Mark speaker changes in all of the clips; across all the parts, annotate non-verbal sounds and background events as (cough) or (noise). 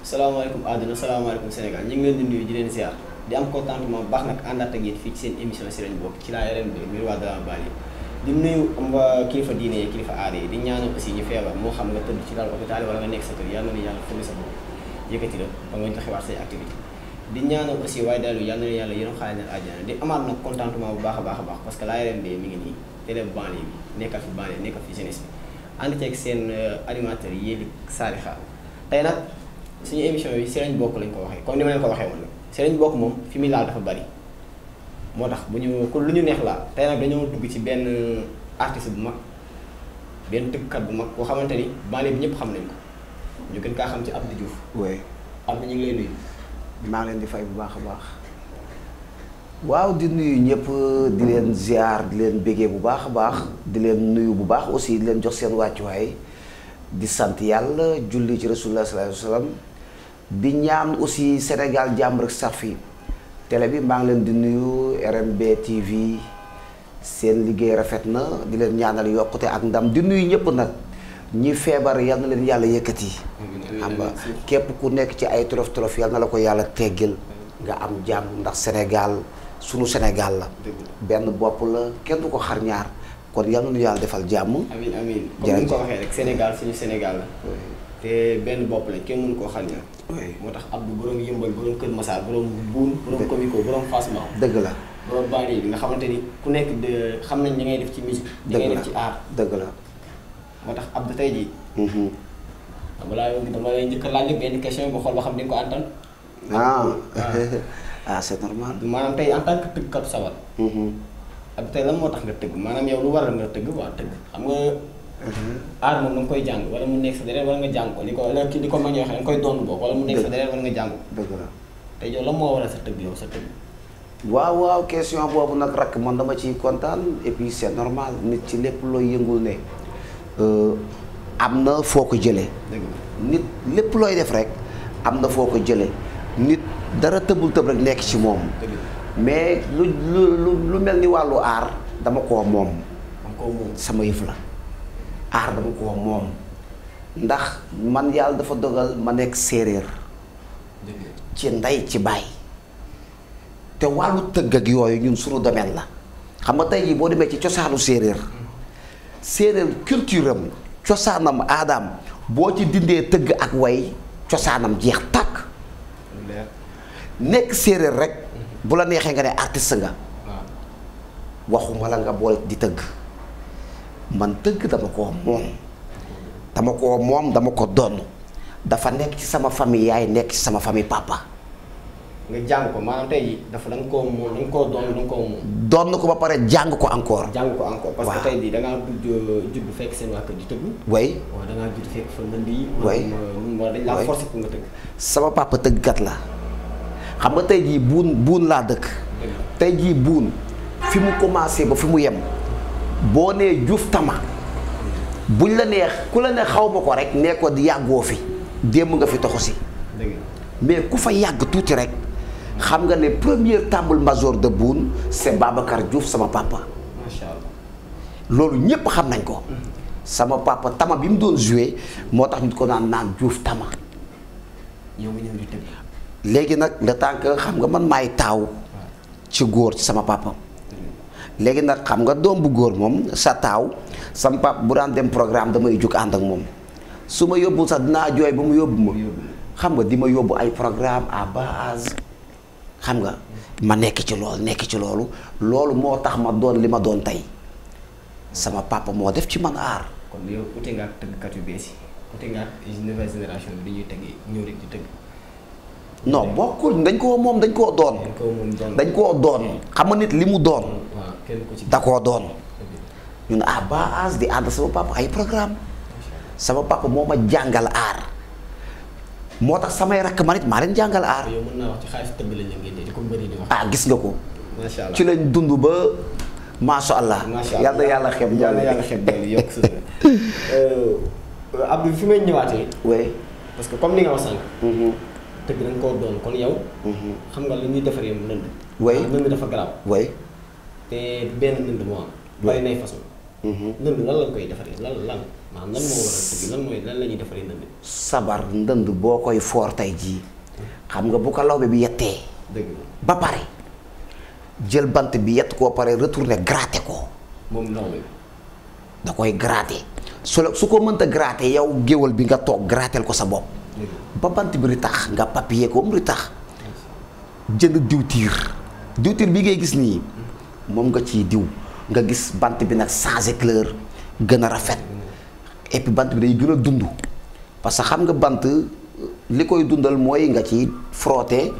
Speaker 1: Assalamualaikum àdduna assalamualaikum Sénégal ñu di nuyu di leen ziar di am contentement bu baax nag àndaat ak yéen fii ci seen émission bokk ci bi miroir de la di nuyu mba kilifa diine kilifa aada yi di ñaanal aussi ñu feebar moo xam nga tëdd ci daal hôpital wala nga nekk sa kër yàlla na yàlla fëgg sa bopp yëkkati la ba nga taxawaat say waaye daal yàlla na yàlla yërëm xaale leen di amaat nag contentement bu baax a baax a baax parce que laa RNB mi ngi nii télé banlieue bi nekkal fi banlieue nekkal fi jeunesse bi ànd ceeg seen euh, animateur Yéli Saali Xaar tey nag suñu émission yi Serigne Bokk lañ ko waxee comme ko waxee woon Bokk moom muy laal dafa motax buñu ko luñu neex la tay nak dañu dugg ci ben artiste bu mag tekk kat bu mag ko xamanteni balé bi ñepp xam nañ ko ñu gën ka xam ci
Speaker 2: Abdou Diouf. oui Abdou ñi ngi lay nuyu. maa leen di fay bu baax baax. waaw di nuyu ñepp di leen ziar di leen bégé bu baax baax di leen nuyu bu baax aussi di leen jox seen way di sant yalla julli ci rasulullah sallallahu alayhi wasallam di ñaan aussi senegal jam rek safi télé bi maa ngi leen di nuyu RMB TV seen liggéey rafet na di leen ñaanal yokkute ak ndam di nuyu ñëpp nag ñi feebar yal na leen yàlla yëkkati. xam nga képp ku nekk ci ay tolof tolof yal na la ko yàlla teggil nga am jàmm ndax Sénégal sunu Sénégal la. benn bopp la kenn du ko xarñaar kon yalla nu yalla defal jamm amin amin comme ko waxe rek senegal suñu senegal
Speaker 1: la. te ben bop la kenn mënu ko xàññe. moo tax Abdou borom yëmbal borom Kër massa borom Buun borom Komiko borom fasma deug la borom Bari nga xamanteni ku nekk de xam nañ li ngay def ci musique. dëgg la ngay def ci art. deug la motax abdou mhm. Abdou tey jii. dama laa dama lay ñëk laaj ben question bu xol ba xam di ko antal
Speaker 2: ah ah c'est (laughs) ah, normal. manam tay
Speaker 1: en tant que tukkat sawal hmm ak tey lan moo tax nga tëgg maanaam yow lu waral nga tëgg waa tëgg xam nga. aar moom da koy jàng wala mu nekk sa deret wala nga jàng ko li ko la li ko ma ñoo nga koy doon bokk wala mu nekk sa deret wala nga jàng ko. dëgg moo waral sa tëgg yow
Speaker 2: waaw waaw question boobu nag rakk man dama ciy kontaan et puis c'est normal nit ci lépp looy yëngul ne euh, am na foo ko jëlee. nit lépp looy def rek am na foo ko jëlee nit dara tëbul tëb rek nekk ci moom. mais lu lu lu mel ni wàllu aar dama koo moom. dama sama yëf la aar dama koo moom ndax man yàlla dafa dogal ma nekk séeréer. ci ndey ci baay. te wàllu tëgg ak yooyu ñun suñu domaine la xam nga tey jii boo demee ci cosaanu séeréer séeréer culture am cosaanam aadaam boo ci dindee tëgg ak way cosaanam jeex tàkk. nekk séeréer rek. bu la nexé nga né artiste nga ah. waxuma la nga bol di teug man teug dama ko mom dama ko mom dama ko don dafa nek ci sama famille yaay nek ci sama famille papa
Speaker 1: nga jang ko manam tay dafa da ko
Speaker 2: mom moom ko don koo ko mom don ko ba pare jang ko encore. jang ko
Speaker 1: encore parce que tay di da nga judd fekk seen waa di teug way da nga judd fekk fa ndi way mo dañ la forcer
Speaker 2: pour nga teug sama papa teug kat la. xam nga tey jii buun buun laa dëkk tey jii buun fi mu commencé ba fi mu yem boo nee juuf Tama buñ la neex ku la ne xaw ma ko rek nee ko yàggoo fi démb nga fi toxu si mais ku fa yàgg tuuti rek xam nga ne premier tambour major de buun c'est Babacar Diouf sama papa loolu ñépp xam nañ ko sama papa tama bi mu doon joué moo tax ñu ko naan naan Diouf tama yow léegi nag le temps que xam nga man maay taaw ci góor ci sama papa léegi nag xam nga doom bu góor moom sa taaw sama papa bu daan dem programme damay jóg ànd ak moom su ma yóbbu sax dinaa jooy ba mu yóbbu ma xam nga di ma yóbbu ay programme à base xam nga ma nekk ci loolu nekk ci loolu loolu moo tax ma doon li ma doon tey sama papa moo def ci man aar.
Speaker 1: kon yow ute nga ak tëggkat yu bees yi ute nga bi dañuy tëgg
Speaker 2: ñëw rek di tëgg. No, bokul dañ ko mom dañ ko doon dañ ko doon xam nga nit limu mu doon da ko doon ñun ah ba as di and sama papa ay programme sama papa moo ma jàngal wax ci tax samay lañu ngi
Speaker 1: nit maa bari di wax ah gis nga ko ci
Speaker 2: lañ dundu ba macha allah yalla yàlla xeb yàlla yalla xeb yokk (laughs)
Speaker 1: euh Abdou fi may ñëwaatee oui parce que comme ni nga wax sànq mm-hmm. te gën koo doon kon yow. Mhm. xam nga li ñuy defaree lënd. way lënd dafa façon. lënd mhm. lan koy defaree lan lan maanaam lan moo war la ñuy defaree lënd.
Speaker 2: sabar ndënd boo koy foor tey jii xam nga bu ko lawbe bi yettee. dëgg ba pare jël bant bi yett koo pare retourné gratté ko. moom lawbe da koy gratté su su ko mënta gratté yow géwal bi nga toog grattel ko sa bopp. papa bant bi ritax nga papier ko mu ritax jënd diwtiir diwtiir bi ngay gis ni, mom nga ci diw nga gis bant bi nag changé couleur rafet et puis bant bi day Pas a nggak parce que xam nga bant dundal mooy nga ci frotté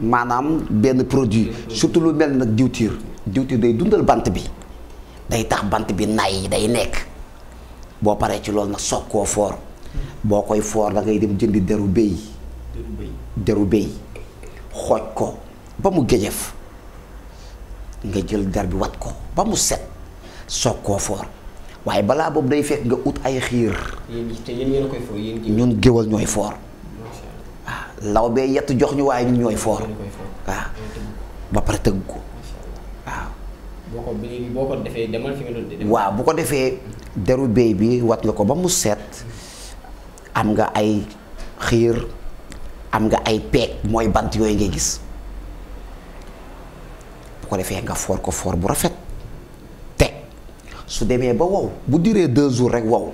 Speaker 2: manam benn produit surtout lu mel nag diwtiir diwtiir day dundal bant bi day tax bant bi nay day nek bo paree ci loolu nag boo koy foor da ngay dem jëndi deru béy deru béy xooj ko ba mu géjëf nga jël der bi wat ko ba mu set soog koo foor waaye balaa boobu day fekk nga ut ay xiir ñun géwal ñooy foor waaw law bee yett jox ñu waaye ñun ñooy foor waaw ba pare tëgg ko
Speaker 1: waaw bu
Speaker 2: ko defee deru béy bi wat la ko ba mu set am nga ay xir am nga ay pek moy bant yoy ngay gis bu ko defé nga for ko for bu rafet té su démé ba waw bu diré 2 jours rek waw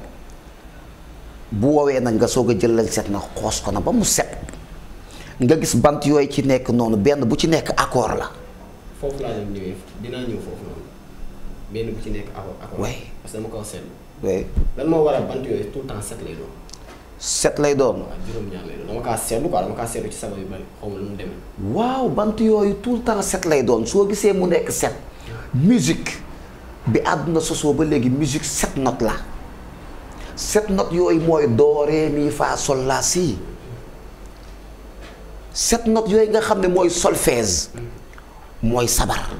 Speaker 2: bu wowe nag nga soga a jël lañ set na xoos ko na ba mu set nga gis bant yoy ci nek nonu benn bu ci nek accord la.
Speaker 1: fofu la ñu ñëw dina ñëw fofu noonu benn bu ci nek accord accord. parce que dama ko sel seetlu. lan mo wara bant yoy tout temps set lay do
Speaker 2: set ah, lay doon. dama kaa seetlu quoi dama kaa seetlu ci sama yu mu demee. waaw bant yooyu tout le temps set lay doon soo gisee mu nekk set. musique bi àdduna sosoo ba léegi musique sept notes la sept notes yooyu mooy do ré mi fa sol la si sept notes yooyu nga xam ne mooy sol solfège mooy sabar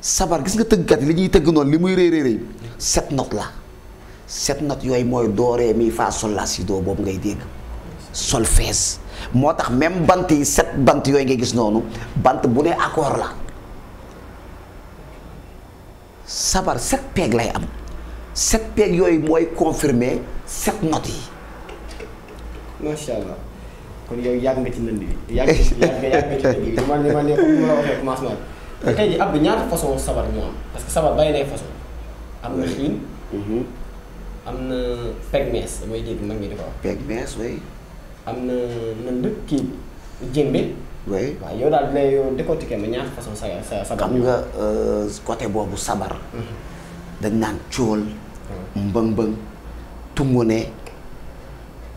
Speaker 2: sabar gis nga tëggkat yi li ñuy tëgg noonu li muy rëy rëy rëy sept notes la. set notes yooyu mooy dooree mi faa sol la sido boobu ngay dégg sol fees moo tax même bant yi set bant yooyu ngay gis noonu bant bu ne accord la sabar set peeg lay am set peeg yooyu mooy confirmer set notes yi. macha allah kon yow yàgg nga ci nënd bi. yàgg nga yàgg nga ci nënd bi man man de comme ni ma la waxee commencement
Speaker 1: bi. tey jii ab ñaata façon sabar moo am parce que sabar bari nay façon. am na xiin. Mhm. am na pegmees damay dégg mag ñi di ko wax. pegmees oui. am na nan kii jëmbe.
Speaker 2: waaw yow daal dina
Speaker 1: yow décortiquer ma ñaar façon sa sa sabar. xam nga
Speaker 2: euh, côté boobu sabar. Mm-hmm. dañ naan cool. Mm-hmm. mbëng-mbëng. tungune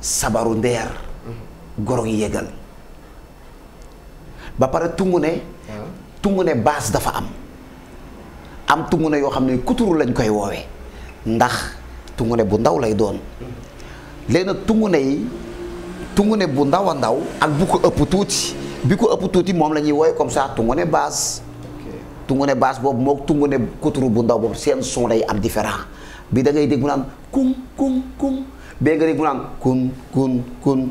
Speaker 2: sabaru ndeer.
Speaker 1: Mm-hmm.
Speaker 2: goro yégal ba pare tungune. tungune baas dafa am. am tungune yoo xam ne kuturu lañ koy woowee. ndax. tungune bu ndaw lay doon léegi nag tungune yi tungune bu ndaw a ndaw ak bu ko ëpp tuuti bi ko ëpp tuuti moom la ñuy woy comme ça baas base tungune base boobu moog tungune kuturu bu ndaw boobu seen son day am différent bi da ngay dégg mu naan kum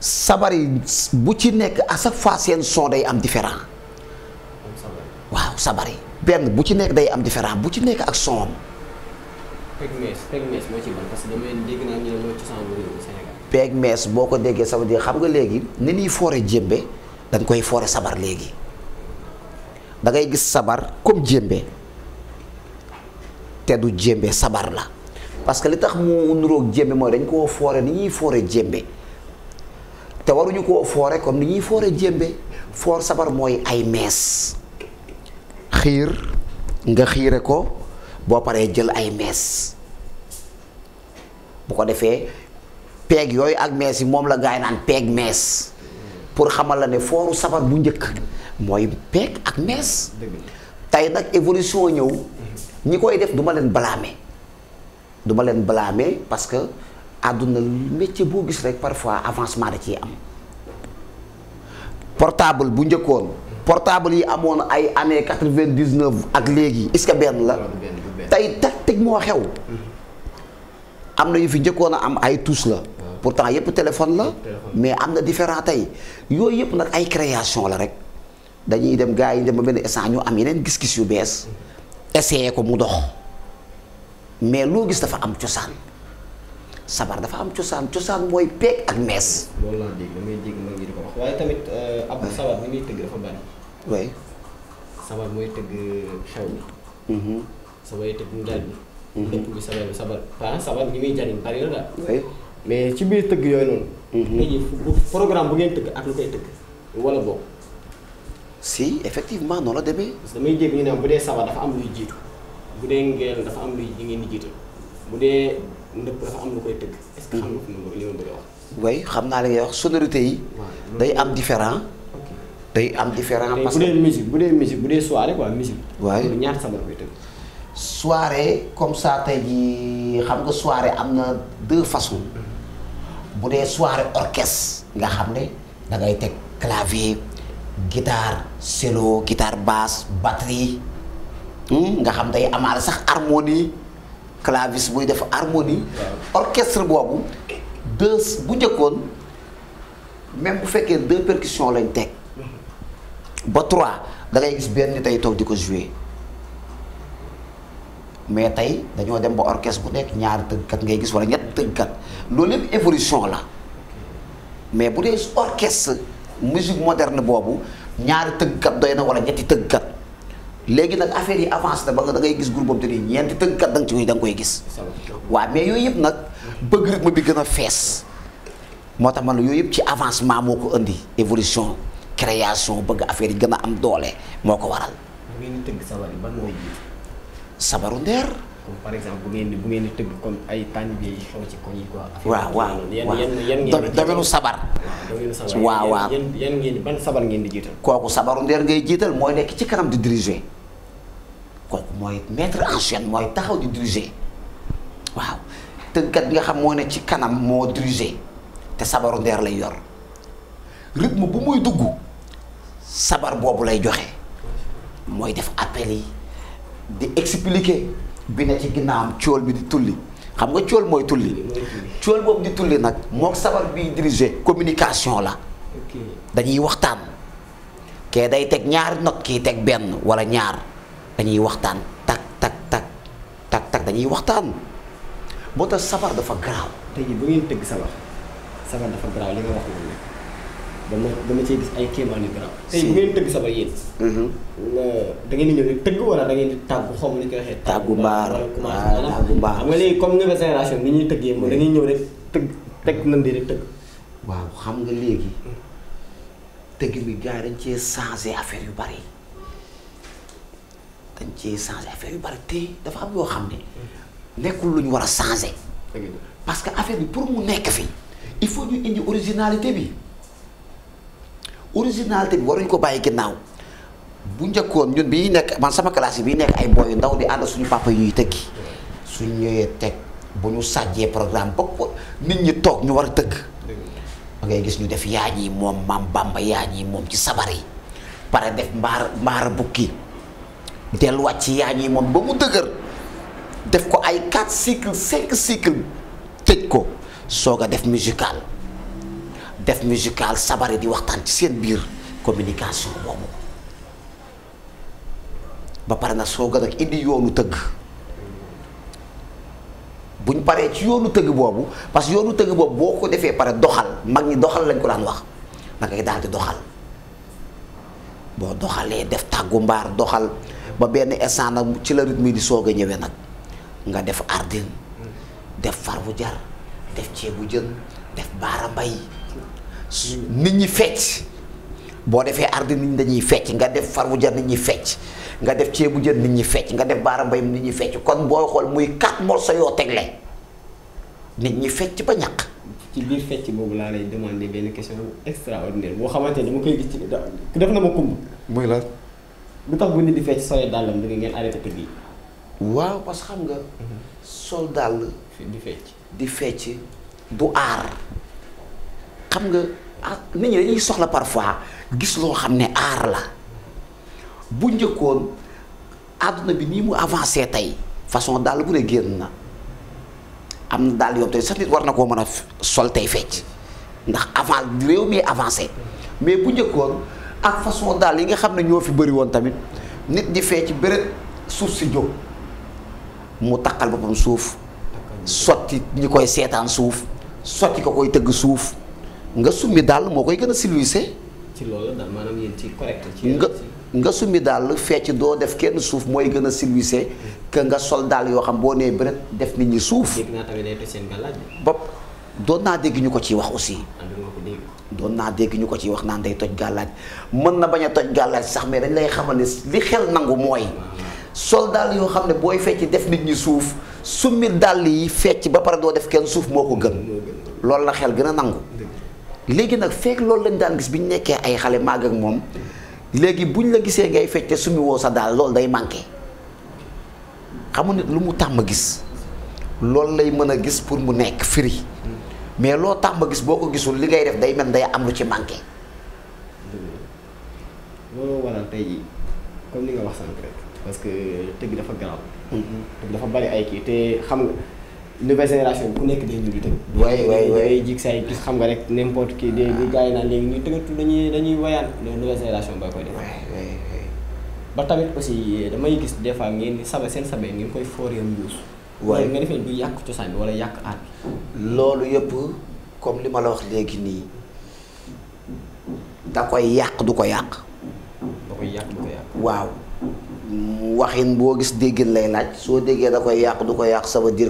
Speaker 2: sabar yi bu ci nekk à chaque seen son day am différent waaw sabar benn bu ci nekk day am différent bu ci nekk ak son peeg mees boo ko déggee ça veut xam nga léegi ni ñuy foore jémbe dañ koy foore sabar léegi dangay gis sabar comme jëmbe te du jémbe sabar la parce que li tax mu nuroog jémbe mooy dañ koo foore ni ñuy foore jémbe te waruñu koo ni ñuy foore jémbe foor sabar mooy ay mees xiir nga xiire ko boo paree jël ay mees bu ko defee peeg yooyu ak mees yi moom la gaay naan peeg mees pour xamal la ne fooru sabar bu njëkk mooy peeg ak mees tey nag évolution ñëw ñi koy def duma leen blâmer duma leen blâmer parce que àdduna métier boo gis rek parfois avancement da ciy am portable bu njëkkoon portable yi amoon ay année quatre-vingt-dix-neuf ak léegi est-ce benn la tey teg moo xew. am na yu fi njëkkoon a am ay touche la. pourtant yëpp téléphone la. mais am na différent tey yooyu yëpp nag ay création la rek dañuy dem gars yi dem ba benn instant ñu am yeneen gis-gis yu bees. essayé ko mu dox mais loo gis dafa am cosaan sabar dafa am cosaan cosaan mooy peeg ak mees.
Speaker 1: loolu sabai te dum dal dëkk bi sabai sabar ah sabar ni muy jariñ bari la mais ci biir tëgg yooyu ya, noonu mhm. nit ñi programme bu ngeen tëgg ak lu koy tëgg wala boog si effectivement noonu la demee damay dégg ñu ne bu dee sabar dafa gitu. eh, ya. am luy jiitu bu dee ngeel dafa am luy yi ngeen di jiital bu dee ndëpp dafa am lu koy tëgg est ce que xam nga fi li ma bëgg a wax
Speaker 2: way xam naa la ngay wax sonorité yi day am différent day am différent parce que bu dee musique bu dee musique bu dee soirée quoi musique ñaar sabar koy tëgg soirée comme ça tey jii xam nga soirée am na deux façons bu dee soirée orchestre nga xam ne da ngay teg clavier guitare cello guitare basse batterie hmm, nga xam day amaale sax harmonie clavis buy def harmonie orchestre boobu deux bu njëkkoon même bu fekkee deux percussions lañ teg
Speaker 1: mm-hmm.
Speaker 2: ba trois da ngay gis benn tey toog di ko jouer mais tey dañoo dem ba orchestre bu nekk ñaari tëggkat ngay gis wala ñett tëggkat loolu yëpp évolution la mais bu dee orchestre musique moderne boobu ñaari tëggkat doy na wala ñetti tëggkat léegi nag affaire yi avancé na ba nga da ngay gis groupe boobu dañuy ñeenti tëggkat da nga ci da nga koy gis. waa mais yooyu yëpp nag bëgg rythme bi gën a fees moo tax man la yooyu yëpp ci avancement moo ko indi évolution création bëgg affaire yi gën a am doole moo ko waral. bu sabarunder par oh, exemple bu ngeen di
Speaker 1: bu ngeen gitu. nah, kan di tëgg comme ay tan yi xew ci koñ yi quoi. waaw waaw waaw domaine sabar. waaw waaw
Speaker 2: yan ngeen ban sabar ngeen di jiital. kooku sabaru ngay jiital mooy nekk ci kanam di diriger kooku mooy mettre en scène mooy taxaw di diriger waaw tëggkat bi nga xam moo ne ci kanam moo diriger te sabaru ndeer lay yor rythme bu sabar boobu lay joxe mooy def appel yi. di expliquer bi na ci ginnaawam cool bi di tulli xam nga cool mooy tulli cool boobu di tulli nag moo sabar bi diriger communication la dañuy waxtaan kee day teg ñaari not kii teg benn wala ñaar dañuy waxtaan tak tak tak tak tak dañuy waxtaan moo tax sabar dafa garaaw tey jii bu ngeen tëgg sabar sabar dafa garaaw li nga
Speaker 1: wax noonu dama dama cee gis ay kéemaan yu garaaw. tey ngeen tëgg sama yéen. Mhm. da ngeen di ñëw rek tëgg wala da ngeen di tàggu xaw ni tàggu mbaar waaw tàggu mbaar ah, xam nga comme nouvelle ni ñuy tëggee moom da ngeen ñëw rek tëgg teg nañ di rek tëgg.
Speaker 2: waaw xam nga léegi tëgg bi gars yi dañ cee changé affaire yu bari dañ cee changé affaire yu bari te dafa am yoo xam ne nekkul lu ñu war a changé. parce que affaire bi pour mu nekk fi il faut ñu indi originalité bi. original tim waruñ ko bàyyi ginnaaw bu njëkkoon ñun bi nekk man sama classe bi nekk ay boy ndaw di and suñu papa yuy tekk suñu ñëwé tek bu ñu sàjjee programme bokk nit ñi tok ñu wara tekk ngay gis ñu def yaaji mom mam Bamba yaaji mom ci sabari para def mbar mbar buki del wacc yaaji mom ba mu def ko ay 4 cycle 5 cycle tëj ko soga def musical def musical sabari di waxtan ci seen bir communication momu ba pare na soog a indi yoonu teug buñ paré ci yoonu teug bobu parce que yoonu teug bobu boko ko paré pare doxal mag doxal lañ ko daan wax da ngay daal di doxal bo doxalé def tagu mbar doxal ba ben instant nak ci la rythme di soga a nak nga def ardin def far jar def ceebu jeun def baara nit ñi fecc boo defee ardi nit ñi dañuy fecc nga def far bu jën nit ñi fecc nga def ceebu jën nit ñi fecc nga def baara mbayam nit ñi fecc kon booy xool muy quatre morceaux yoo tegle nit ñi fecc ba
Speaker 1: ñàkk. ci biir fecc boobu laa lay demander benn question extraordinaire boo xamante ne dama koy gis ci def na ma kumb.
Speaker 2: muy la. lu tax bu nit di fecc sooy dàllam dina ngeen arrêté tëgg yi. waaw parce xam nga. Mhm. sol dàll. di fecc di fecc du aar. xam nga ah, nit ñi dañuy soxla parfois gis loo xam ne aar la bu njëkkoon àdduna bi nii mu avancé tey façon dàll bu ne génn na am na dàll yoon tey sax nit war na koo mën a sol tey fecc ndax avant réew mi avancé mais bu njëkkoon ak façon dàll yi nga xam ne ñoo fi bëri woon tamit nit di fecc bëreet suuf si jóg mu takkal boppam suuf sotti ñi koy seetaan suuf sotti ko koy tëgg suuf nga summi dàll moo koy gën a silvissé. ci loolu daal maanaam yéen ci correct ci nga nga summi dàll fecc doo def kenn suuf mooy gën a silvissé que nga sol dàll yoo xam boo nee bëreet def nit ñi suuf. dégg
Speaker 1: naa tamit day
Speaker 2: doon naa dégg ko ciy wax aussi. Ah, doon naa dégg ko ciy wax naan day toj gàllaaj mën na bañ a toj gàllaaj sax mais dañ lay xamal ne li xel nangu mooy. Ah, ah. sol dàll yoo xam ne booy fecc def nit ñi suuf summi dàll yi fecc ba pare doo def kenn suuf moo ko gën. loolu la xel gën a nangu. léegi nag fekk loolu lañ daan gis bi ñu nekkee ay xale màgg moom léegi bu ñu la gisee ngay fecc te sumi woo sa daal loolu day manqué xamu nit lu mu tàmm gis loolu lay mën a gis pour mu nekk firi mais loo tàmm gis boo ko gisul li ngay def day mel day am lu ci manqué.
Speaker 1: looloo waral tey jii comme ni nga wax sànq rek parce que tëgg dafa gaaw. Mm-hmm. dafa bari ay kii te xam nouvelle génération bi ku nekk day dund tamit. waaye waaye waaye xam nga rek n'importe qui day di gars yi naan ñu dañuy dañuy wayaan loolu ba tamit aussi damay gis des fois ngeen di sabe seen sabe koy fooree muus. waaye nga defee du
Speaker 2: bi wala yàq aar loolu yëpp comme li ma la wax léegi nii yàq du ko yàq. da koy yàq du ko yàq. waaw. waxin boo gis déggin lay laaj soo déggee da koy yàq du ko yàq ça veut dire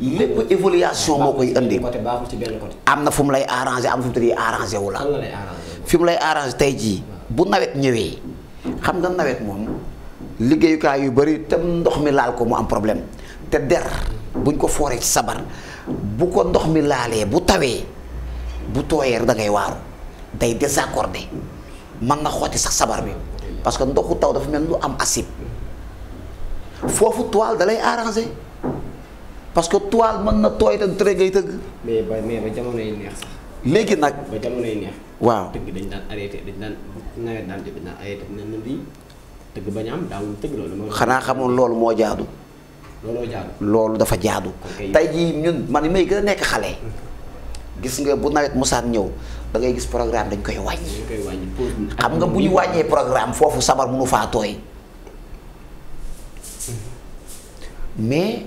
Speaker 2: lépp évaluation moo koy indi am na fu mu lay arrangé am na fu mu tëddee arrangé wu la fi mu lay arrangé tey jii bu nawet ñëwee xam nga nawet moom liggéeyukaay yu bëri te ndox mi laal ko mu am problème te der buñ ko fooree ci sabar bu ko ndox mi laalee bu tawee bu tooyee da ngay waaru day désaccordé mën na xotti sax sabar bi parce que ndoxu taw dafa mel lu am asib foofu toile da lay parce que toile man na toy te tërë ngay tëgg. mais ba mais ba jamono yi neex sax. léegi nag ba jamono yi neex. waaw
Speaker 1: teug dañ dan arrêté dañ daan nawet daan dañ daan arrêté na daan di
Speaker 2: teug bañ am daawu
Speaker 1: teug lolu mo xana xamone lolu mo jaadu. lolu jaadu.
Speaker 2: lolu dafa jaadu. tay ji ñun man may gëna nekk xalé gis nga bu nawet musaan ñew da ngay gis programme dañ koy wàññi. koy xam nga bu ñu programme fofu sabar mënu fa toy mm-hmm. mais.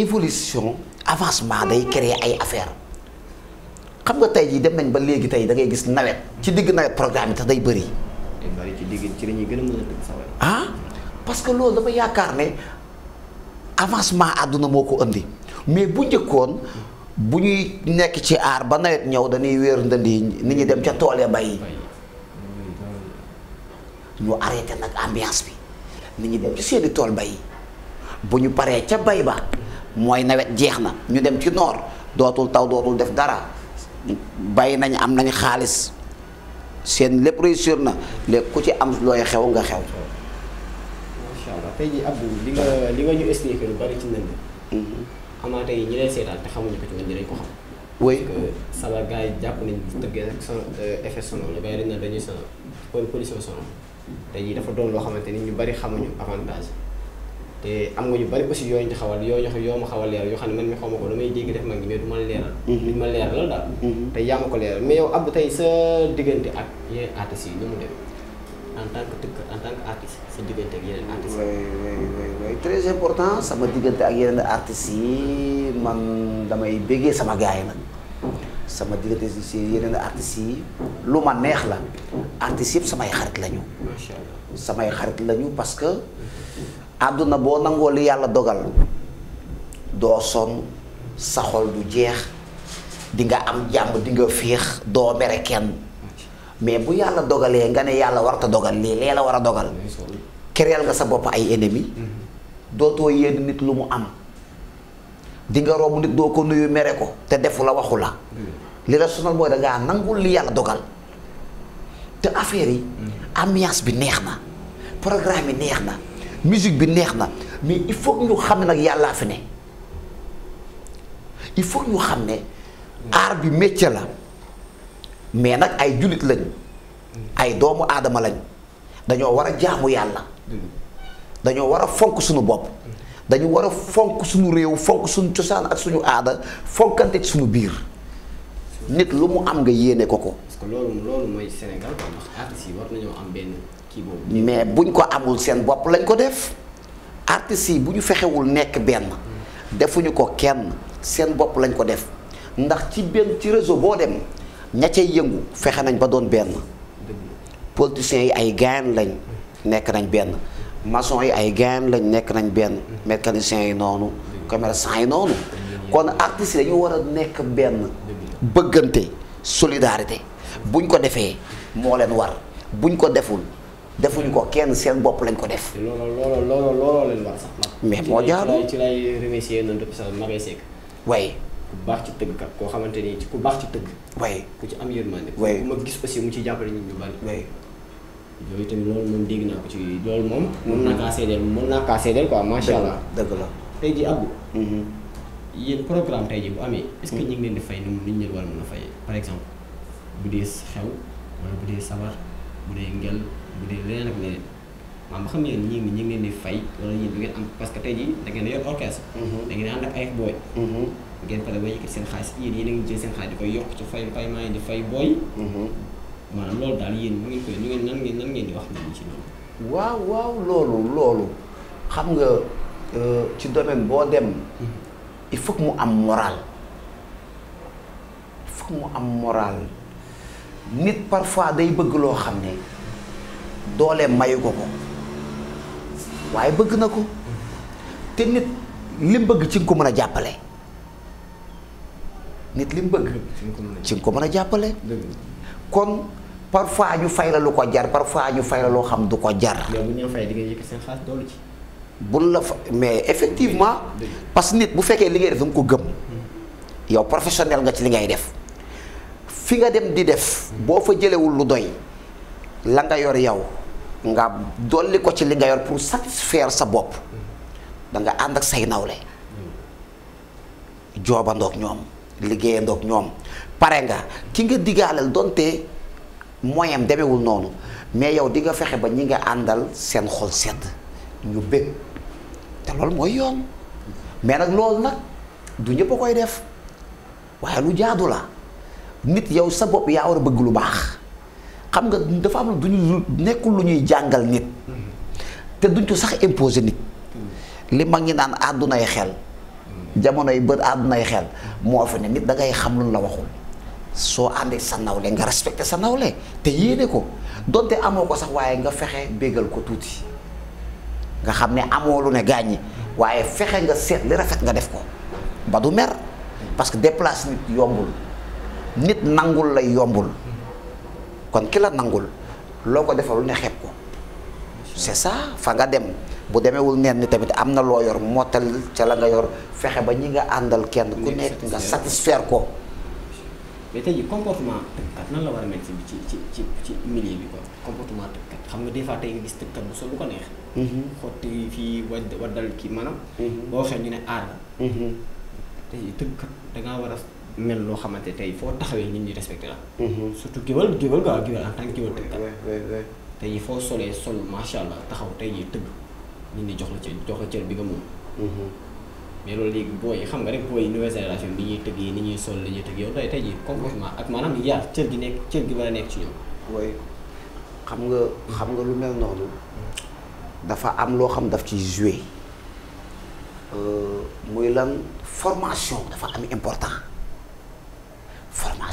Speaker 2: évolution avancement day créer ay affaire xam nga tey jii dem nañ ba léegi tey da ngay gis nawet ci digg nawet programme yi tax day bëri. ci digg ci ah parce que loolu dafa yaakaar ne avancement àdduna moo ko indi mais bu njëkkoon bu ñuy nekk ci aar ba nawet ñëw dañuy wéeru ndënd yi nit ñi dem ca tool ya bay ñu arrêté nag ambiance bi nit ñi dem ci seeni tool bay bu ñu paree ca bay ba. mooy nawet jeex na ñu dem ci noor dootul taw dootul def dara bàyyi nañ am nañ xaalis seen lépp réussir na léegi ku ci am looy xew nga xew.
Speaker 1: macha allah tey li nga li nga ñu expliqué lu ci nënd. Mhm. amaate yi ñi leen seetaan te xamuñu ko ci ñun dinañ ko xam. oui sabar gars yi jàpp nañ tëggee rek son euh, effet sonore la gars yi dañ na dañuy sonore pollution sonore tey dafa doon loo xamante ni ñu bari xamuñu avantage. te am nga yu bari aussi yooyu ñu xawal yoo jox yoo ma a leeral yoo xam ne man mi xaw ma ko damay dégg def ma ngi mais leeral mhm. mhm. te yaa ma ko leeral mais yow Abdou tey sa diggante ak yeneen artistes yi ni mu dem en tant que tëkk en sama diggante ak yeneen
Speaker 2: artistes yi man damay béggee sama gaay nag sama diggante si yeneen artistes yi lu ma neex la artistes yëpp samay xarit lañu. samay xarit lañu parce àdduna boo nangoo li yàlla dogal doo sonn sa xol du jeex di nga am jàmm di nga féex doo mere kenn mais bu yàlla dogalee nga ne yàlla warta dogal lii lee la war a dogal kereel nga sa bopp ay ennemi dootoo yéen nit lu mu am di nga romb nit doo ko nuyu mere ko te defu la waxu la li la sonal mooy dangaa nangul li yàlla dogal te affaire yi mm. ambiance bi neex na programme yi neex na musique bi neex na mais il faut ñu xam ne nag yàllaa fi ne il faut ñu xam ne aar bi métier la mais nag ay jullit lañ ay doomu aadama lañ dañoo war a jaamu yàlla dañoo war a fonk suñu bopp dañu war a fonk suñu réew fonk suñu cosaan ak suñu aada fonkante ci suñu biir nit lu mu am nga yéene ko ko. parce
Speaker 1: que loolu loolu mooy Sénégal artistes yi war nañoo am mais buñ ko
Speaker 2: amul seen bopp lañ ko def artistes yi bu ñu fexewul nekk benn defuñu ko kenn seen bopp lañ ko def ndax ci benn ci réseau boo dem ña cay yëngu fexe nañ ba doon benn politiciens yi ay gayan lañ nekk nañ benn mason yi ay gayan lañ nekk nañ benn mécaniciens yi noonu commerçant yi noonu kon artistes yi dañu war a nekk benn bëggante solidarité buñ ko defee moo leen war buñ ko deful defuñu ko kenn seen bopp lañ ko def.
Speaker 1: looloo looloo looloo looloo leen war sax
Speaker 2: nag. mais moo jaadu ci lay remercier nañ depuis
Speaker 1: sax Mbaye Seck. waaye. ku baax ci tëgg kat koo xamante ni ku baax ci tëgg. waaye ku ci am yërmande. waaye ku ma gis aussi mu ci jàppale nit ñu bari. waaye. yooyu tamit loolu moom dégg naa ko ci loolu moom. mën naa kaa seedeel mën naa kaa seedeel quoi macha allah. dëgg la tey jii Abdou. Mhm. yéen programme tey jii amee. est-ce que mhm. ngi leen di fay ni ñu leen war a par exemple bu dee xew wala bu dee sabar bu dee ngel. bu dee leneen ak leneen maanaam ba xam ngeen ñii ñi ngi leen di fay wala yéen du ngeen am parce que tey jii da ngeen yor orchestre mhm. da ngeen ànd ak ay booy mhm. ngeen pare ba yëkkati seen xaalis yéen yéen a ngi jël seen xaalis di koy yokk ci fay paiement yi di fay booy mhm. maanaam loolu daal yéen ñu ngeen koy ñu ngeen nan ngeen nan ngeen di wax nit ñi ci loolu
Speaker 2: waaw waaw loolu loolu xam nga euh, ci domaine boo dem il faut que mu am moral il faut que mu am moral nit parfois day bëgg loo xam ne dooleem mayu ko ko waaye bëgg na ko te nit lim bëgg ci nga ko mën a jàppale nit li mu bëgg ci nga ko mën a jàppale kon parfois ñu fay la lu ko jar parfois ñu fay la loo xam du ko jar bun la fa mais effectivement parce que nit bu fekkee li ngay def da nga ko gëm hmm. yow professionnel nga ci li ngay def fi nga dem di def hmm. boo fa jëlewul lu doy la nga yor yow nga dolli ko ci li nga yor pour satisfaire sa bopp da nga ànd ak say nawle joobandoog ñoom liggéeyandoog ñoom pare nga ki nga digaaleel donte moyen demewul noonu mais yow di nga fexe ba ñi nga àndal seen xol sedd ñu bëgg te loolu mooy yoon mais nag loolu nag du ñëpp a koy def waaye lu jaadu la nit yow sa bopp yaa war a bëgg lu baax xam nga dafa am duñu nekul luñuy jangal nit te duñ ko sax imposer nit li ngi nan aduna ay xel beur aduna ay xel mo fa ne nit da ngay xam lu la waxul So andé sa nawle nga respecté sa nawle te yéné ko donte amoko sax waye nga fexé bégal ko touti nga xamné amo lu ne gañi waye fexé nga sét li rafet nga def ko ba du mer parce que déplace yombul nit nangul lay yombul kon ki la nangul loko ko defal ne xep ko c'est ça fa nga dem bu demeewul wul nenn tamit amna lo yor motal ci la nga yor fexé ba ñi nga andal kenn ku nekk nga satisfaire ko
Speaker 1: mais tay comportement kat nan la war a mel ci ci ci ci milieu bi ko comportement kat xam nga des fois tay nga gis tekkal bu sol lu ko neex hmm xoti fi wadal ki manam mhm. bo xé ñu ne ar hmm tay tekk tëkkat dangaa war mel loo xamante tey foo taxawee nit ñi respecté la. Mhm. surtout géwal géwal quoi géwal en tant que géwal tëgg. tey foo solee sol macha allah taxaw tey jii tëgg nit ñi jox la cër jox la cër bi nga moom. Mhm. mais loolu léegi booy xam nga rek booy bi ñuy tëgg yi ni ñuy sol li tey tey jii complètement ak maanaam yaa cër nekk cër gi war a nekk nga xam nga lu mel noonu.
Speaker 2: dafa am loo xam daf ci joué. Euh, muy lan formation dafa am important.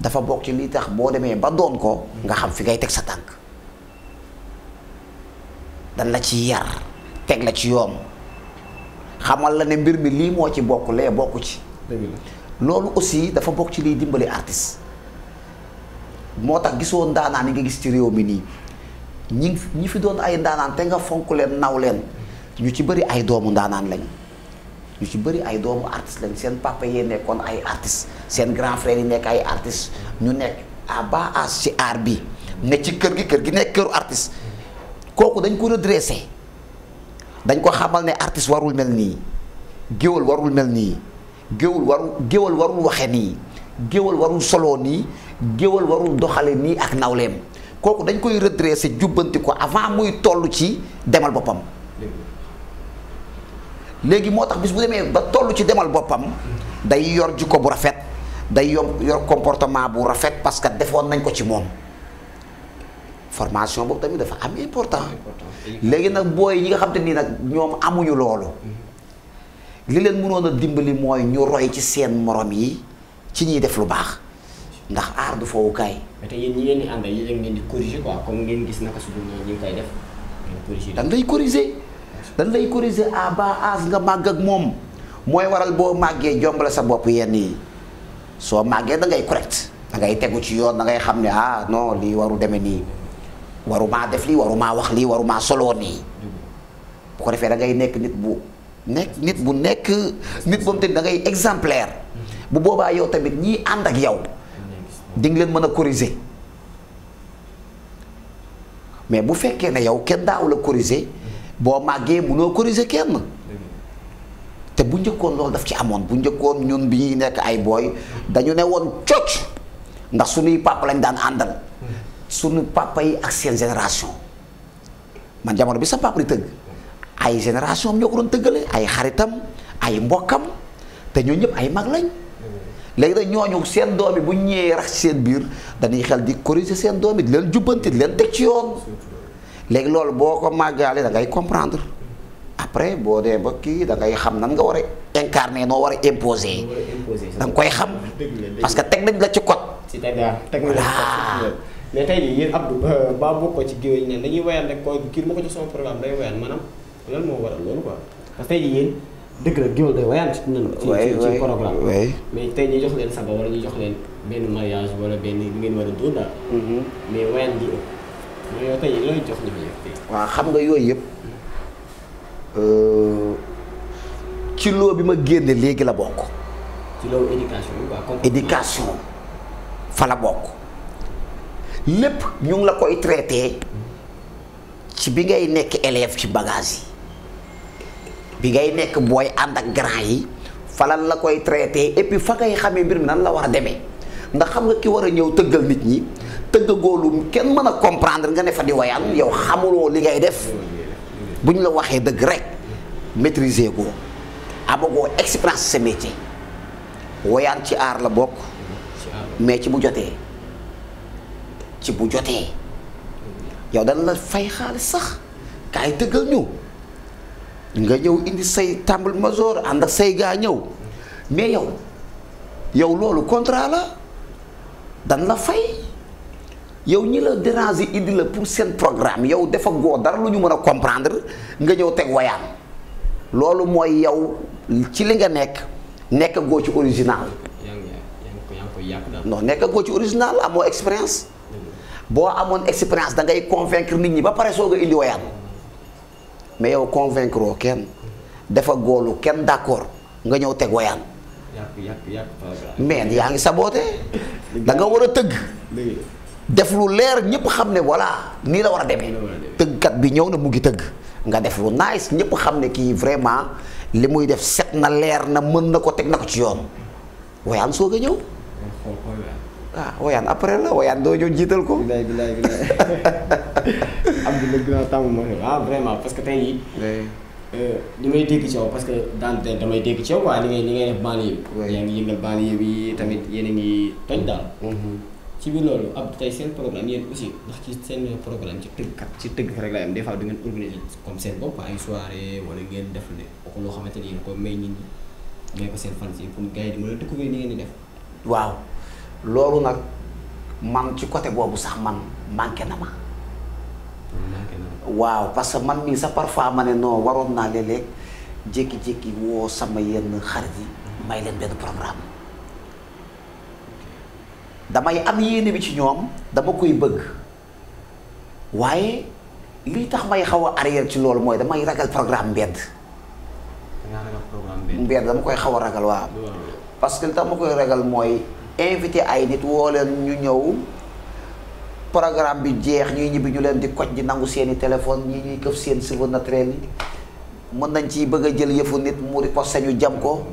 Speaker 2: dafa bokk ci li tax boo demee ba doon ko nga xam fi ngay teg sa tànk dan la ci yar teg la ci yoon xamal la ne mbir mi lii moo ci bokk lee bokk ci loolu aussi dafa bokk ci liy dimbali artiste moo tax gisoon ndaanaan yi nga gis ci réew mi nii ñi ñi fi doon ay ndaanaan te nga fonk leen naw leen ñu ci bari ay doomu ndaanaan lañu ñu ci bëri ay doomu artiste lañ seen papa yee nekkoon ay artiste seen grand frère yi nekk ay artiste ñu nekk à bas âge ci art bi ne ci kër gi kër gi nekk këru artiste kooku dañ ko redressé dañ ko xamal ne artiste warul mel nii géwal warul mel nii géwal warul géwal warul waxe nii géwal warul soloo nii géwal warul doxale nii ak nawleem kooku dañ koy redressé jubbanti ko avant muy tollu ci demal boppam léegi moo tax bis bu demee ba tollu ci demal boppam day yor jikko bu rafet day yor yor comportement bu rafet parce que defoon nañ ko ci moom formation boobu tamit dafa am important léegi nag booy ñi nga xam te nii nag ñoom amuñu loolu li leen mënoon a dimbali mooy ñu roy ci seen morom yi ci ñuy def lu baax ndax aar du foowukaay. mais tey yéen ñi ngeen ngeen di corriger quoi comme ngeen gis naka su dul ñu corriger. dañ lay corriger à bas âge nga màgg ak moom mooy waral boo màggee jombale sa bopp yenn yi soo màggee da ngay correct da ngay tegu ci yoon da ngay xam ne ah no lii waru demee nii warumaa def lii warumaa wax lii warumaa soloo nii bu ko defee da ngay nekk nit bu nekk nit bu nekk nit boobu da ngay exemplaire bu boobaa yow tamit ñii ànd ak yow di nga leen mën a corriger mais bu fekkee ne yow kenn daaw la corriger boo màggee munoo corriger kenn te bu njëkkoon loolu daf ci amoon bu njëkkoon ñun bi ñuy nekk ay booy dañu ne woon cocc ndax suñuy papa lañ daan àndal suñu papa yi ak seen génération man jamono bi sa papa di tëgg ay génération am ñoo ko doon tëggale ay xaritam ay mbokkam te ñoo ñëpp ay mag lañ léegi nag ñooñu seen doom yi bu ñëwee rax seen biir dañuy xel di corriger seen doom yi di leen jubbanti di leen teg ci yoon léegi loolu boo ko màggaale da ngay comprendre après boo dee ba kii da ngay xam nan nga war a incarner noo war a imposer
Speaker 1: da nga koy xam parce que
Speaker 2: teg nañ la ci code
Speaker 1: mais tey jii yéen Abdou euh, ba bokk ci géwél ne dañuy wayaan rek ko kii ma ko jox sama programme day wayaan maanaam lan moo waral loolu quoi parce que tey jii yéen dëgg la géwél day wayaan ci ci ci programme mais tey ñu jox leen saba wala ñu jox leen benn mariage wala benn li ngeen war a doon daal mm-hmm. mais wayaan gi yow
Speaker 2: waaw xam nga yooyu yëpp ci loo bi ma génne léegi la bokk. ci loo éducation fa la bokk lépp ñu ngi la koy traité ci bi ngay nekk élève ci bagage yi bi ngay nekk booy ànd ak grand yi falal la koy traité et puis fa ngay xamee mbir mi nan la war a demee ndax xam nga ki war a ñëw tëggal nit ñi. tëgg góolu kenn mën a comprendre nga ne fa di wayaan yow xamuloo li ngay def bu ñu la waxee dëgg rek maîtriser ko amagoo expérience sa métier wayaan ci aar la bokk mais ci bu jotee ci bu jotee yow dana la fay xaalis sax kaay tëggal ñu nga ñëw indi say tambal major ànd ak say gaa ñëw mais yow yow loolu contrat la dan la fay yow ñi la déranger indi la pour seen programme yow dafa goo dara lu ñu mën a comprendre nga ñëw teg wayaan loolu mooy yow ci li nga nekk nekk goo ci original. non nekk goo ci original amoo expérience. boo amoon expérience da ngay convaincre nit ñi ba pare soog a indi wayaan mais yow convaincre oo kenn dafa góolu kenn d'accord nga ñëw teg wayaan. yaa ngi saboote da nga war a tëgg. def lu leer ñepp xamne wala voilà nii la wara a teug kat bi ñew na mu ngi teug nga def lu nice ñepp xamne ki vraiment li muy def set na leer na mën na ko teg na ko ci yoon wayan so a ñew ah wayan après la wayan do ñu
Speaker 1: jital ko bilay bilay am (laughs) abdou le grand tamu mo ah vraiment parce que tay yi euh, li may dégg ci yow parce que daan damay dégg ci yow quoi li ngay li ngay def yëngal tamit ci bi loolu ab tey seen programme yéen aussi ndax ci seen programme ci kat ci tëgg rek la am des fois du ngeen organiser comme seen bopp ay soirée wala ngeen def ne ko loo xamante ni yéen ko may nit ñi may ko seen fans yi pour
Speaker 2: gars yi di mën a découvrir ni ngeen di def waaw loolu nag man ci côté boobu sax man manqué na ma waaw parce que man mii sax parfois ma ne non waroon naa léeg-léeg jékki-jékki woo sama yenn xarit yi may leen benn programme damay am yéene bi ci ñoom dama koy bëgg waaye lii tax may xaw a arrière ci loolu mooy damay ragal programme mbedd. mbedd dama koy xaw a ragal waaw. parce que li tax ma koy ragal mooy invité ay nit woo leen ñu ñëw programme bi jeex ñuy ñibbi ñu leen di koj di nangu seeni téléphone ñi ñuy këf seen cheveux naturels yi mën nañ ci bëgg a jël yëfu nit mu riposte ñu jam ko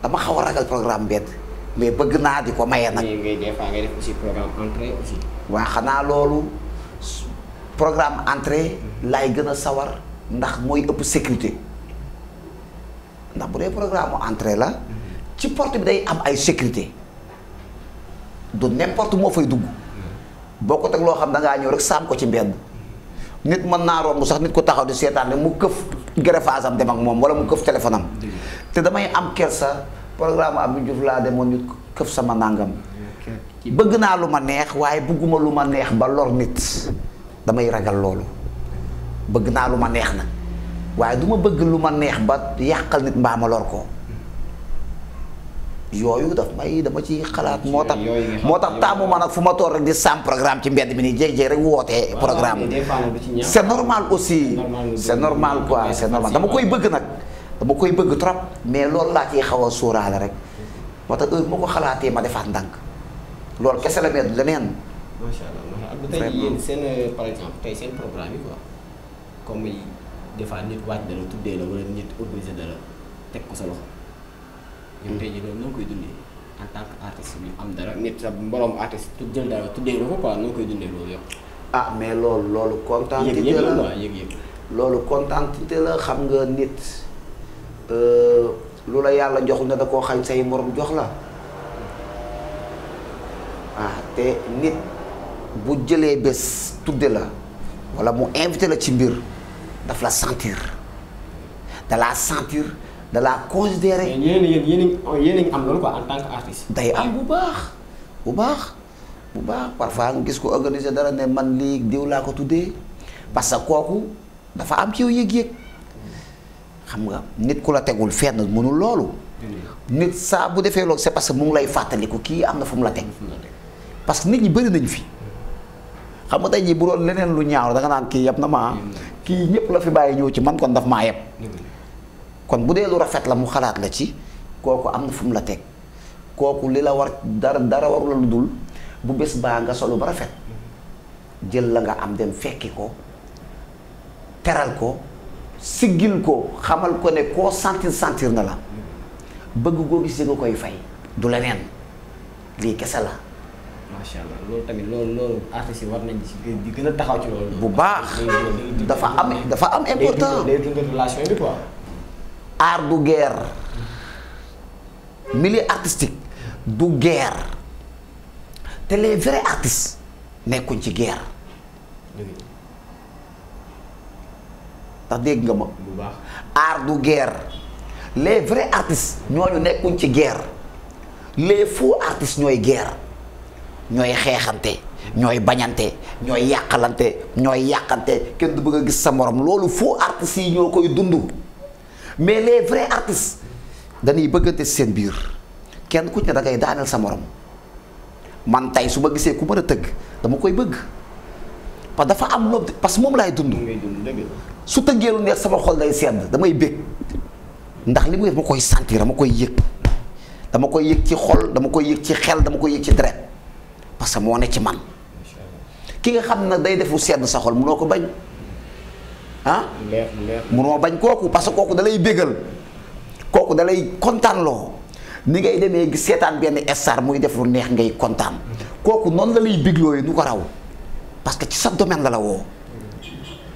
Speaker 2: dama xaw a ragal programme mbedd. mais bëgg naa di ko maye nag. mais des fois ngay def aussi programme entrée waa xanaa loolu programme entrée mm-hmm. laay gën a sawar ndax mooy ëpp sécurité ndax bu dee programme entrée la mm-hmm. ci porte bi day am ay sécurité du n'importe moo fay dugg mm-hmm. boo ko teg loo xam da ngaa ñëw rek saam ko ci mbedd nit mën naa romb sax nit ko taxaw di seetaan ne mu këf greffage am dem ak moom wala mu këf téléphone am te damay am kersa. programme Abdou Diouf laa demoon ñu këf sama nangam. bëgg naa lu ma neex waaye bëgguma lu ma neex ba lor nit damay ragal loolu bëgg naa lu ma neex nag waaye du ma bëgg lu ma neex ba yàqal nit mbaa ma lor ko yooyu daf may dama ci xalaat moo tax moo tax taamu ma nag fu ma toog rek di sam programme ci mbedd mi nii jéeg-jéeg rek wootee programme c'est normal aussi c'est normal quoi c'est normal dama koy bëgg nag dama koy bëgg trop mais loolu laa ci xaw a sóoraale rek moo tax heure bu ko xalaatee ma defaat ndànk loolu kese la mel leneen.
Speaker 1: macha seen euh, par exemple tey seen programme yi quoi comme des fois nit waaj dara tuddee la wala nit organiser dara teg ko sa loxo. ñoom tey jii loolu noo koy dundee en tant que artiste bi am dara nit sa mborom artiste tu jël dara tuddee la ko
Speaker 2: quoi noo koy dundee loolu yëpp. ah mais loolu loolu. kontaan yëg la loolu kontaan la xam nga nit. lu la yàlla joxul na da koo xam say morom jox la ah te nit bu jëlee bés tudde la wala mu invité la ci mbir daf la sentir da laa sentir da laa considéré. yéen oh, am day am bu baax bu baax bu baax parfois nga gis ko organiser dara ne man lii diw laa ko tuddee parce que kooku dafa am ci yëg-yëg. xam nga nit ku la tegul fenn mënul loolu. nit saa bu defee loolu c'est parce que mu ngi lay fàttaliku kii am na fu mu la teg. parce que nit ñi bëri nañ fi. xam nga tey jii bu doon leneen lu ñaaw da nga naan kii yab na maa kii ñëpp la fi bàyyi ñëw ci man kon daf maa yeb. kon bu dee lu rafet la mu xalaat la ci kooku am na fu mu la teg kooku li la war dara dara waru la lu dul bu bés baa nga solo ba rafet jël la nga am dem fekki ko teral ko. siggil ko xamal ko ne koo sentir sentir na la bëgg goo gis nga koy fay du leneen lii kese la. macha tamit loolu loolu artistes yi war gën a taxaw ci bu baax dafa am dafa am important day dund relation bi quoi. art du guerre milieu artistique du guerre te les vrais artistes nekkuñ ci guerre. ndax dégg nga ma. bu baax art du les vrais artistes ñooñu nekkuñ ci guerre les faux artistes ñooy guerre ñooy xeexante ñooy bañante ñooy yàqalante ñooy yàqante kenn du bëgg a gis sa morom loolu faux artistes yi ñoo koy dund mais les vrais artistes dañuy bëggante seen biir kenn ku ci ne da daaneel sa morom man tey su ma gisee ku mën a tëgg dama koy bëgg. parce dafa am loo parce que moom laay dund. su tëggee lu neex sama xol day sedd damay bég ndax li muy def koy sentir dama koy yëg dama koy yëg ci xol dama koy yëg ci xel dama koy yëg ci deret parce que moo ne ci man. ki nga xam ne day defu lu sedd sa xol munoo ko bañ ah. munoo bañ kooku parce que kooku dalay bégal kooku dalay kontaanloo ni ngay demee gis seetaan benn star muy def lu neex ngay kontaan mm-hmm. kooku noonu la lay bégloo yi nu ko raw. parce que ci sa domaine la la woo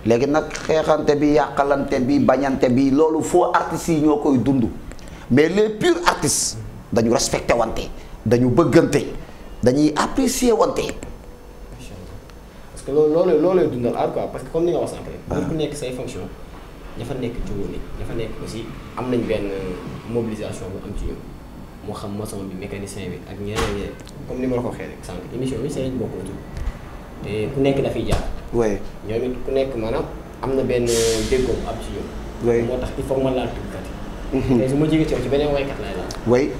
Speaker 2: léegi nag xeexante bi yàqalante bi bañante bi loolu foo artistes yi ñoo koy dund mais les purs artistes dañu respecté wante dañu bëggante dañuy apprécier wante.
Speaker 1: parce que loolu loolu loolu lay dundal aar que comme ah. nekk say fonction dafa nekk jiwoon yi am nañ benn mobilisation bu am ci ñoom moo xam maçon bi mécanicien bi ak ñeneen ñeneen comme ni ma la ko waxee rek sànq émission bi seen bokk na te ku nekk dafay jàpp. oui ñoom it ku nekk maanaam am na benn déggoo am ci ñoom. oui moo tax il faut ma laal tuddkat yi. Mhm. su ma jege ci ci beneen waykat laay laal.
Speaker 2: oui